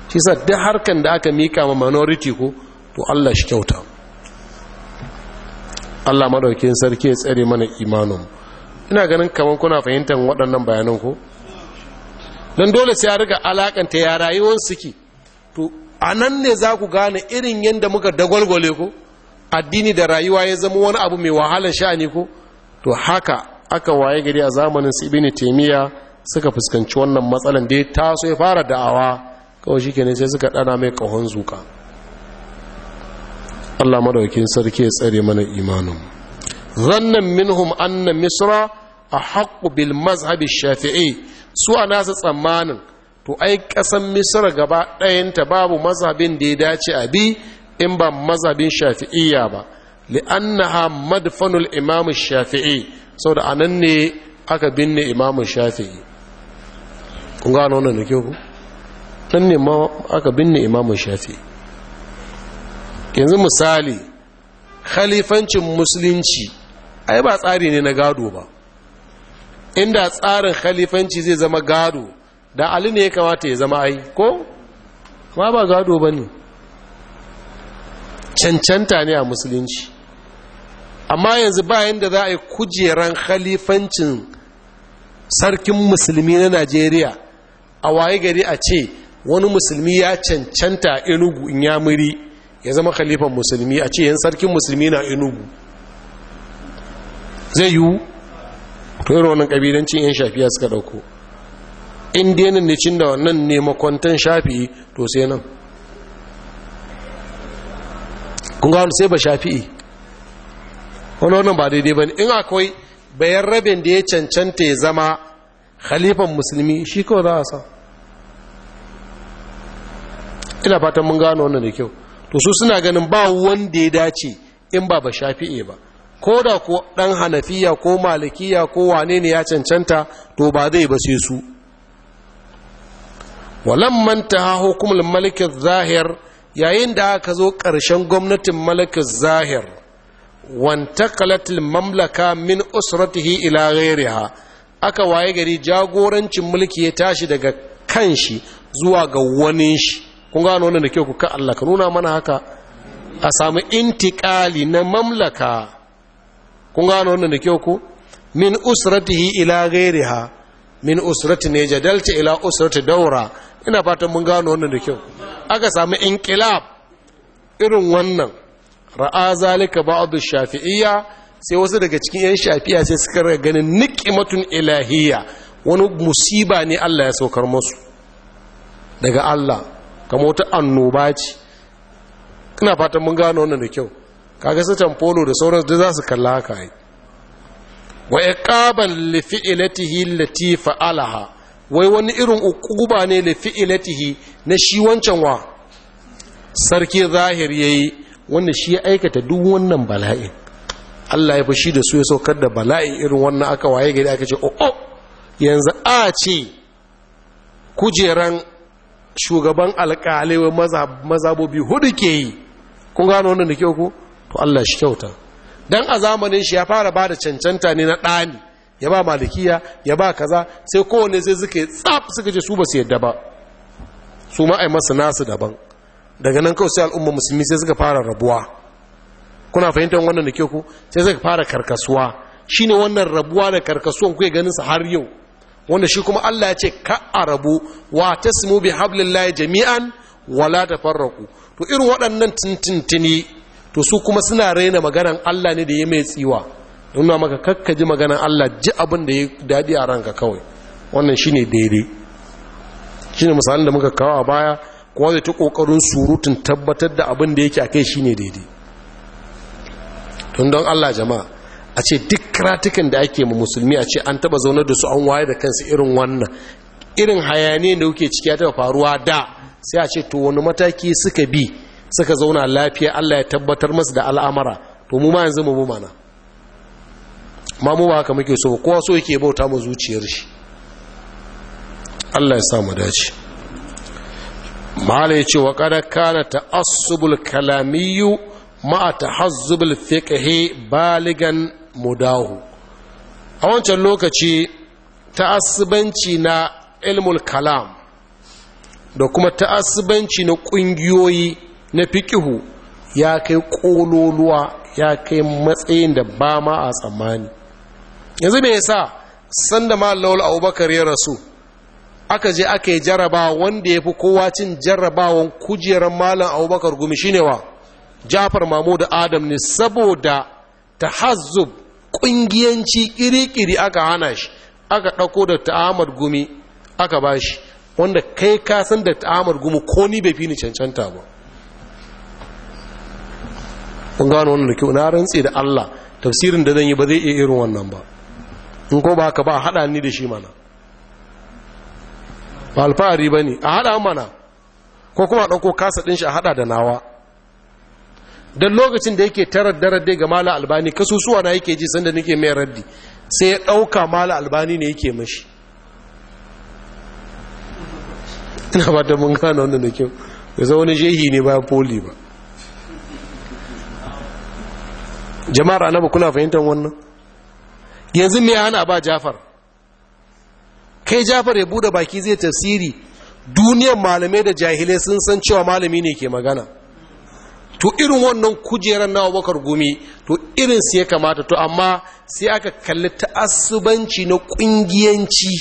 shi sa duk harkan da aka mika ma minority ko to Allah shi kyauta Allah madaukin sarki ya tsare mana imanin ina ganin kaman kuna fahimtar waɗannan bayanan ko don dole sai ya riga alakanta ya rayuwar suke to a nan ne za ku gane irin yadda muka dagwalgwale ko addini da rayuwa ya zama wani abu mai wahalar sha'ani ko to haka aka waye gari a zamanin su ibini taimiyya suka fuskanci wannan matsalan da ta taso ya fara da'awa kawai shi kenan sai suka ɗana mai ƙahon zuka allah madaukin sarki ya tsare mana imanin zannan minhum anna misra a haƙƙu bil mazhabi shafi'i su a nasa tsammanin to ai ƙasan misra gaba ɗayanta babu mazhabin da ya dace a bi in ba mazhabin shafi'iyya ba li'annaha madfanul imamu shafi'i saboda anan ne aka binne imamu shafi'i kun gano nan da kyau ku nan ne aka binne imamun shafi yanzu misali khalifancin musulunci ai ba tsari ne na gado ba inda tsarin khalifanci zai zama gado da ali ne ya kamata ya zama ai ko ma ba gado ba ne cancanta ne a musulunci amma yanzu ba da za a yi kujeran khalifancin sarkin musulmi na najeriya a waye gari a ce wani musulmi ya cancanta inugu in ya muri ya zama khalifan musulmi a ce yan sarkin musulmi na inugu zai yiwu to irin wannan kabilancin yan shafiya suka dauko in denin ne cin da wannan ne makwantan shafi to sai nan kun wani sai ba shafi'i wani wannan ba daidai ba ne in akwai bayan rabin da ya cancanta ya zama khalifan musulmi shi kawai za a sa ina fatan mun gano wannan da kyau to su suna ganin ba wanda ya dace in ba ba shafi'e ba ko da ko dan hanafiya ko malikiya ko wane ne ya cancanta to ba zai ba sai su man ta hukumul malikin zahir yayin da aka zo karshen gwamnatin malikin zahir wantakalatil mamlaka min usratihi ila ghayriha aka waye gari jagorancin mulki ya tashi daga kan shi zuwa ga wani shi kun gano wannan da kyau ku ka Allah ka nuna mana haka a samu intikali na mamlaka kun gano wannan da kyau ku min usratihi ila ghairiha min usrati ne jadalta ila usrati daura ina fatan mun gano wannan da kyau aka samu inqilab irin wannan ra'a zalika ba'd shafi'iyya sai wasu daga cikin yan shafi'a sai suka ga ganin niqmatun ilahiyya wani musiba ne Allah ya saukar musu daga Allah kama wata annoba ce ina fatan mun gano wannan da kyau kaga su folo da sauran da za su kalla haka yi wa iqaban li fi'latihi allati fa'alaha wai wani irin ukuba ne li fi'latihi na shi wancan wa sarki zahir yayi wanda shi ya aikata duk wannan bala'in Allah ya fashi da su ya saukar da bala'i irin wannan aka waye gari aka ce oh, oh yanzu a ce kujeran shugaban alƙalai mazabobi hudu ke yi kun gano wannan da kyau to Allah shi kyauta Don a zamanin shi ya fara ba da cancanta ne na ɗani ya ba malikiya ya ba kaza sai kowane sai suka yi tsaf suka ce su ba su yadda ba su ma masu nasu daban daga nan kawai sai al'umma musulmi sai suka fara rabuwa kuna fahimtar wannan da kyau ko sai suka fara karkasuwa shine wannan rabuwa da karkasuwan kuke ganin su har yau wanda shi kuma Allah ya ce ka arabu wa simu bi hablillahi jami'an wala tafarraqu to irin waɗannan tintintini to su kuma suna raina maganan Allah ne da ya mai tsiwa nuna maka kakkaji maganan Allah ji abin da ya daɗi a ranka kawai wannan shine daidai shine misalin da muka kawo a baya kuma zai ta ƙoƙarin surutun tabbatar da abin da yake kai shine daidai tun don Allah jama'a a ce duk karatukan da ake ma musulmi a ce an taba zaunar da su an waye da kansu irin wannan irin hayane da kuke ciki ya taba faruwa da sai a ce to wani mataki suka bi suka zauna lafiya Allah ya tabbatar masu da al'amara to mu ma yanzu mu bu mana ma mu ba haka muke so kowa so yake bauta mu zuciyar shi Allah ya sa mu dace malai ce wa qad kana ta'assubul kalamiyyu ma'a tahazzubul fiqhi baligan mudahu a wancan lokaci ta'assubanci na ilmul kalam da kuma ta'assubanci na ƙungiyoyi na fikihu ya kai ƙololuwa ya kai matsayin da ba ma a tsammani yanzu me yasa sanda ma lawal abubakar ya rasu aka je aka yi jaraba wanda ya fi kowa cin jarabawan kujerar malam abubakar gumi wa jafar mahmud adam ne saboda ta tahazzub ƙungiyanci ƙiriƙiri aka hana shi aka ɗauko da ta'amar gumi aka ba shi wanda kai kasan san da ta'amar gumi ko ni bai fi ni cancanta ba kun gano wannan da kyau na rantse da Allah tafsirin da zan yi ba zai iya irin wannan ba in ko ba ka ba haɗa ni da shi mana ba alfahari ba ne a haɗa mana ko kuma ɗauko kasa ɗin shi a haɗa da nawa don lokacin da yake tarar da radde ga mala albani kasusuwa na yake ji sanda nake mai raddi sai ya ɗauka mala albani ne yake mashi ina ba da mun gane wanda da kyau da zaune wani jehi ne bayan poli ba jama'ar ba kuna fahimtar wannan yanzu mai hana ba jafar kai jafar ya bude baki zai tafsiri duniyar malamai da jahilai sun san cewa malami ne ke magana to irin wannan kujerar na abubakar gumi to irin su ya kamata to amma sai aka kalli ta'asubanci na kungiyanci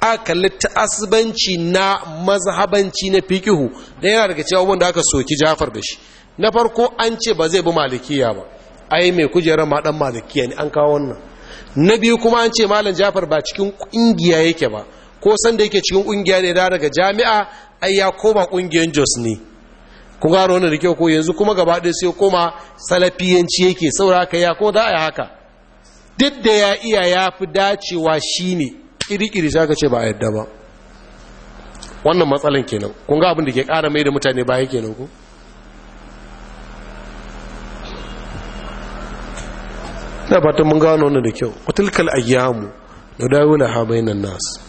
aka kalli ta'asubanci na mazhabanci na fikihu da yana daga cewa wanda aka soki jafar da shi na farko an ce ba zai bi malikiya ba ai mai kujerar ma dan malikiya ne an kawo wannan na biyu kuma an ce malam jafar ba cikin kungiya yake ba ko sanda yake cikin kungiya ne da daga jami'a ai ya koma kungiyan jos ne ku gano wannan da kyau ko yanzu kuma gaba ɗaya sai koma salafiyanci yake saura ka ya ko da a haka duk da ya iya ya fi dacewa shi ne ƙiriƙiri za ka ce ba a yadda ba wannan matsalan kenan kun ga abin da ke ƙara mai da mutane baya kenan ku na fatan mun gano wannan da kyau kutulkal ayyamu da dawo na habainan nasu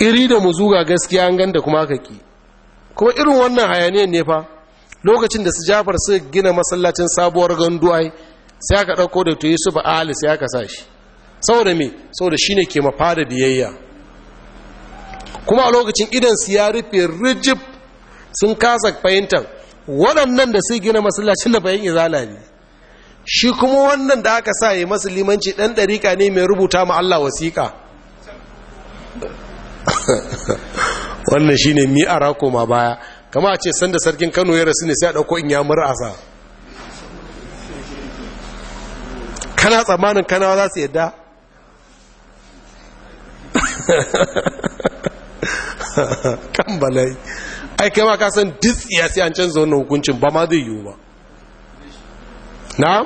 iri da mu zuga gaskiya an ganda kuma haka ki kuma irin wannan hayaniyar ne fa lokacin da su jafar su gina masallacin sabuwar gandu ai sai aka ɗauko da to yusuf ali sai aka sa shi saboda me saboda ne ke mafada biyayya kuma a lokacin idan su ya rufe rijib sun kasa fahimtar waɗannan da su gina masallacin da bayan izala ne shi kuma wannan da aka sa yi masu limanci ɗan ɗarika ne mai rubuta ma Allah wasiƙa wannan shine mi ara koma baya kama a ce sanda sarkin kano ya rasu ne sai a ɗauko in ya murasa kana tsammanin kanawa za su yadda kan balai ai kai ma ka san ya sai an canza wannan hukuncin ba ma zai yiwu ba na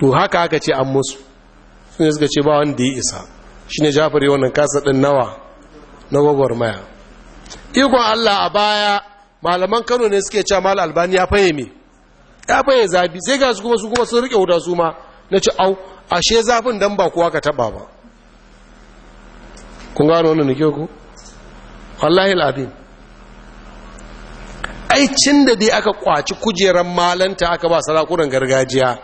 to haka aka ce an musu sun suka ce ba wanda ya isa Shi ne jafar wannan kasa ɗin nawa na gwagwarmaya ikon allah a baya malaman kano ne suke cewa mal albani ya faye ya faye zafi sai ga su kuma su kuma sun rike wuta su ma na ci au ashe zafin dan ba kuwa ka taba ba kun gano wani nake ku wallahi alazim ai cin da dai aka kwaci kujeran malanta aka ba sarakunan gargajiya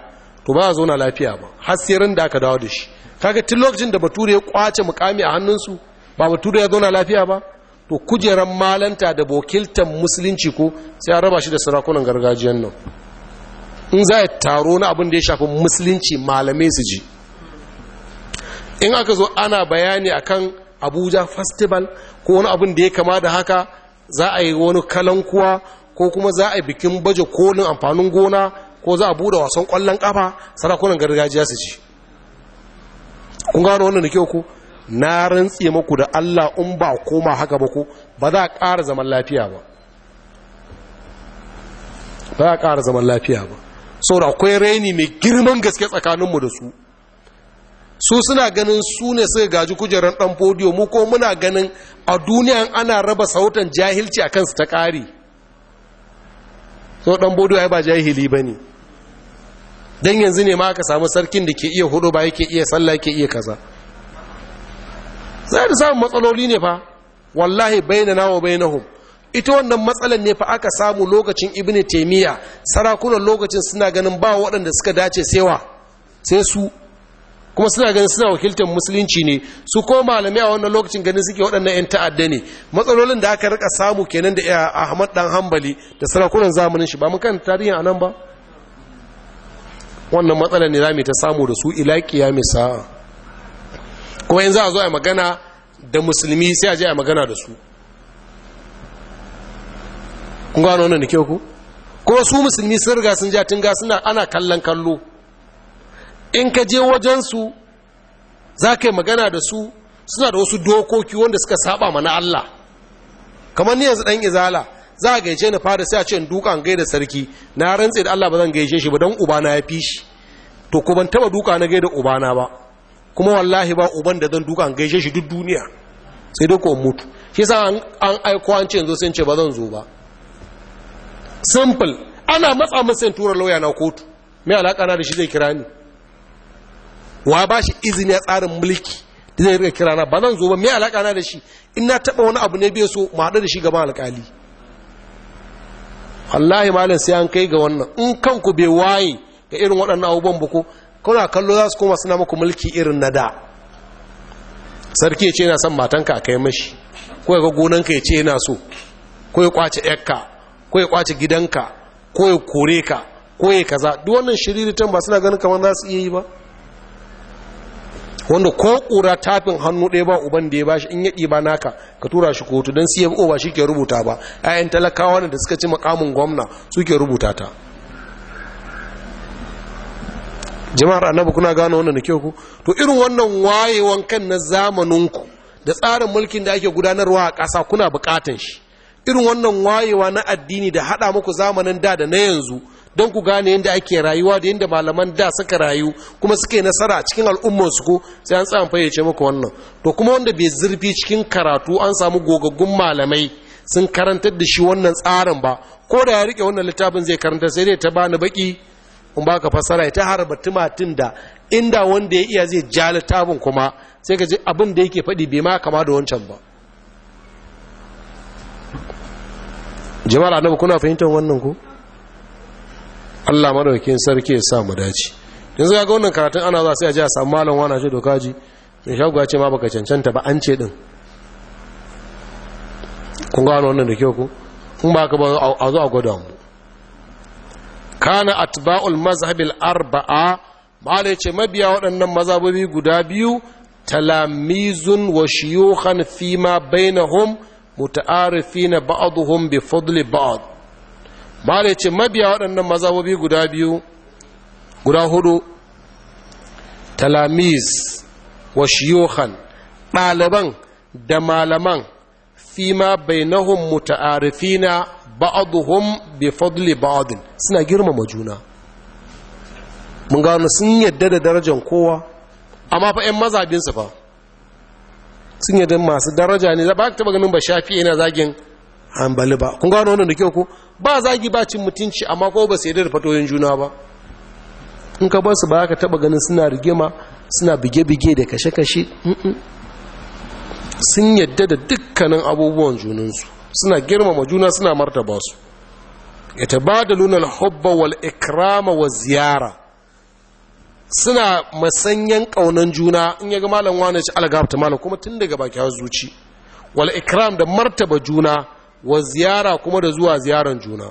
to ba zo na lafiya ba hasirin da aka dawo da shi kaga tun lokacin da bature ya kwace mukami a hannunsu ba bature ya zauna lafiya ba to kujeran malanta da bokiltan musulunci ko sai a raba shi da sarakunan gargajiyan nan in za a taro na abin da ya shafi musulunci malamai su ji in aka zo ana bayani akan abuja festival ko wani abin da ya kama da haka za a yi wani kalankuwa ko kuma za a yi bikin baje kolin amfanin gona ko za a bude wasan kwallon kafa sarakunan gargajiya su ji kun gano wannan da kyau ko na rantse muku da Allah in ba koma haka ba ku ba za a ƙara zaman lafiya ba ba za a ƙara zaman lafiya ba saboda akwai raini mai girman gaske tsakaninmu da su su suna ganin su ne suka gaji kujerar ɗan fodiyo mu ko muna ganin a duniya ana raba sautan jahilci a kansu ta ƙari so ɗan fodiyo ya ba jahili ba ne don yanzu ne ma aka samu sarkin da ke iya hudu ba yake iya sallah ke iya kaza za da samun matsaloli ne fa wallahi bainana wa bainahum ita wannan matsalan ne fa aka samu lokacin ibnu taymiya sarakunan lokacin suna ganin ba waɗanda suka dace sewa sai su kuma suna ganin suna wakiltar musulunci ne su ko malami a wannan lokacin ganin suke waɗannan 'yan ta'adda ne matsalolin da aka rika samu kenan da ahmad dan hambali da sarakunan zamanin shi ba mu kan tarihin anan ba wannan matsalar ne za mu ta samu da su ila kiyami sa'a kuma yanzu a zo a magana da musulmi sai a je a magana da su kun gano wannan da ku kuma su musulmi sun riga sun ja tunga suna ana kallon kallo in ka je wajensu za ka yi magana da su suna da wasu dokoki wanda suka saba mana Allah kamar ni yanzu dan izala za a gaishe ni fara sai a ce in duka an gaida sarki na rantse da Allah ba zan gaishe shi ba dan ubana ya fi shi to ko ban taba duka na gaida ubana ba kuma wallahi ba uban da zan duka an gaishe shi duk duniya sai dai ko mutu shi sa an aiko an ce yanzu sun ce ba zan zo ba simple ana matsa masa tura lauya na kotu mai alaka na da shi zai kira ni wa ba shi izini a tsarin mulki da zai rika kira na ba zan zo ba mai alaka na da shi in na taba wani abu ne bai so mu haɗu da shi gaban alkali wallahi malam sai an kai ga wannan in kanku bai waye ga irin waɗannan abubuwan ba ko kuna kallo za su koma suna muku mulki irin na da sarki ya ce yana son matanka a kai mashi ko ya ga gonanka ya ce yana so ko ya kwace yakka ko ya kwace gidanka ko ya kore ka ko ya kaza duk wannan shiriritan ba suna ganin kamar za su iya yi ba wanda ko kura tafin hannu ɗaya ba uban da ya bashi in yaɗi ba naka ka tura shi kotu don siya ba shi ke rubuta ba 'ya'yan talakawa ne da suka ci makamin gwamna suke rubuta ta jama'ar annabi kuna gano wannan da kyau ku to irin wannan wayewan kan na zamaninku da tsarin mulkin da ake gudanarwa a ƙasa kuna buƙatan shi irin wannan wayewa na addini da haɗa muku zamanin da da na yanzu don ku gane yadda ake rayuwa da yadda malaman da suka rayu kuma suke nasara a cikin su ko sai an tsayan fayyace muku wannan to kuma wanda bai zurfi cikin karatu an samu gogaggun malamai sun karantar da shi wannan tsarin ba ko da ya rike wannan littafin zai karanta sai dai ta bani baki ba ka fasara ta harba tumatin da inda wanda ya iya zai jali tabin kuma sai ka ji abin da yake faɗi bai ma kama da wancan ba jama'ar na kuna fahimtar wannan ku Allah madaukin sarki ya sa mu dace yanzu ga wannan karatun ana za sai a ji a samu malam wana ce doka ji mai shagwa ce ma baka cancanta ba an ce din kun gano wannan da kyau ku kun ba ka ba a zo a gwada mu kana atba'ul mazhabil arba'a mala yace mabiya waɗannan mazhabobi guda biyu talamizun wa shuyukhan fima bainahum muta'arifina ba'dhum bi fadli ba'd mala yace mabiya waɗannan mazhabobi guda biyu guda hudu talamiz wa shuyukhan ɗaliban da malaman fima bainahum muta'arifina ba'aduhum bi fadli ba'adin suna girmama juna mun gano sun yadda da darajar kowa amma fa ƴan su fa sun yadda masu daraja ne ba ka taɓa ganin ba shafi yana zagin hanbali ba kun gano wannan da kyau ko ba zagi ba cin mutunci amma ko ba su yadda da fatoyin juna ba in ka basu ba ka taɓa ganin suna rigima suna bige-bige da kashe-kashe sun yadda da dukkanin abubuwan junansu suna girmama juna suna martaba su ya da lunar hubba wal ikrama wa ziyara suna masanyan kaunan juna in yaga malam wani ci algafta malam kuma tun daga baki har zuci wal ikram da martaba juna wa ziyara kuma da zuwa ziyaran juna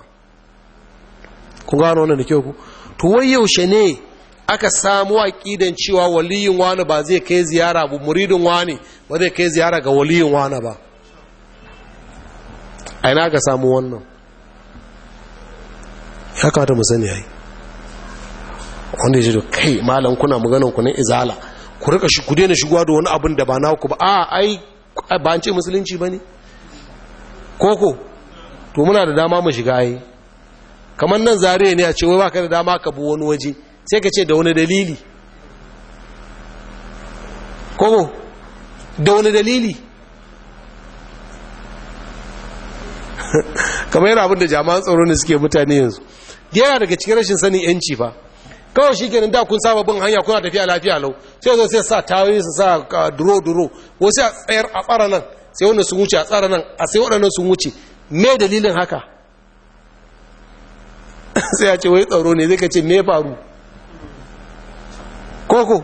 ku gano wannan da kyau ku to wai yaushe ne aka samu aƙidan cewa waliyin wani ba zai kai ziyara ba muridin wani ba zai kai ziyara ga waliyin wani ba a ina ka samu wannan ya kata mu sani yayi wanda ya ce kai malam kuna maganan ku ne izala ku rika shi ku daina shigowa da wani abin da ba naku ba a ai ba an ce musulunci ba ne koko to muna da dama mu shiga yi. kamar nan zariya ne a ce wai baka da dama ka bu wani waje sai ka ce da wani dalili koko da wani dalili kamar yana abin da jama'an tsaro ne suke mutane yanzu yana daga cikin rashin sanin yanci ba kawai shi kenan da kun saba bin hanya kuna tafiya lafiya lau sai zo sai sa tawaye su sa duro duro wasu a tsayar a tsara nan sai wannan sun wuce a tsara nan a sai waɗannan sun wuce me dalilin haka sai ya ce wai tsaro ne zai ka ce me ya faru koko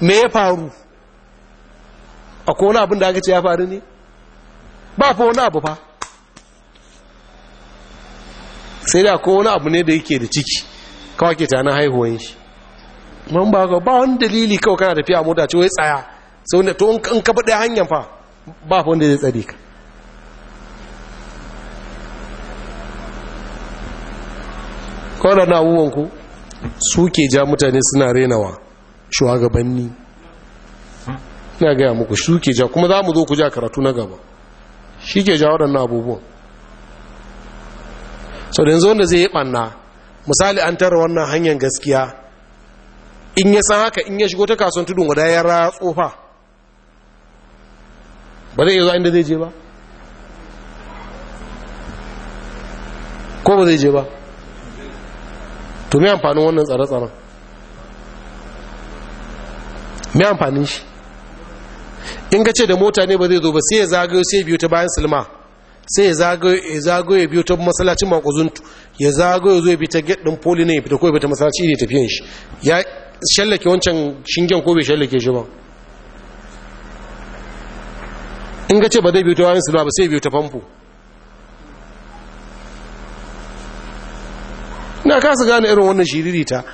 me ya faru a wani abin da aka ce ya faru ne ba fa wani abu fa sai da ko wani abu ne da yake da ciki kawai ke tana haihuwan shi man ba ba wani dalili kawai kana tafiya mota ce wai tsaya sau da to in ka faɗi hanyar fa ba fa wanda zai tsare ka kawai na abubuwan ku ke ja mutane suna renawa shugabanni na gaya muku ke ja kuma za mu zo ku ja karatu na gaba shi ke ja waɗannan abubuwan sau da yanzu wanda zai yi ɓanna misali an tara wannan hanyar gaskiya in ya san haka in ya shigo ta kasuwan tudun guda ya ratso tsofa ba zai iya zuwa inda zai je ba ko ba zai je ba to mai amfanin wannan tsare-tsaren mai amfanin shi in ka ce da mota ne ba zai zo ba sai ya zagayo sai biyu ta bayan silma sai ya zago ya biyo ta masallacin makuzuntu ya zago ya zo ya bi ta gate poli ne ya fita ko ya ta masallaci ne tafiyan shi ya shallake wancan shingen ko bai shallake shi ba in ga ce ba zai biyo ta wani silba ba sai biyo ta famfo na kasa gane irin wannan shiririta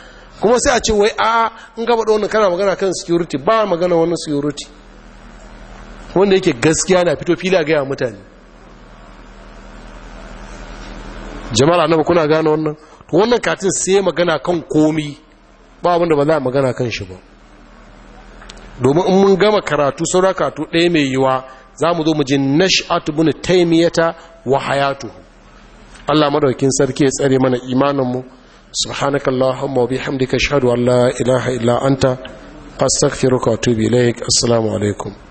kuma sai a ce wai a in gaba da wannan kana magana kan security ba magana wannan security wanda yake gaskiya na fito fila gaya mutane jama'a annabi kuna gane wannan to wannan katin sai magana kan komi ba abin ba za magana kan shi ba domin in mun gama karatu saura karatu ɗaya mai yiwa za mu zo mu ji nash'atu bin taimiyata wa hayatu Allah madaukin sarki ya tsare mana imanin mu subhanaka allahumma wa bihamdika ashhadu an la ilaha illa anta astaghfiruka wa atubu ilaik assalamu alaikum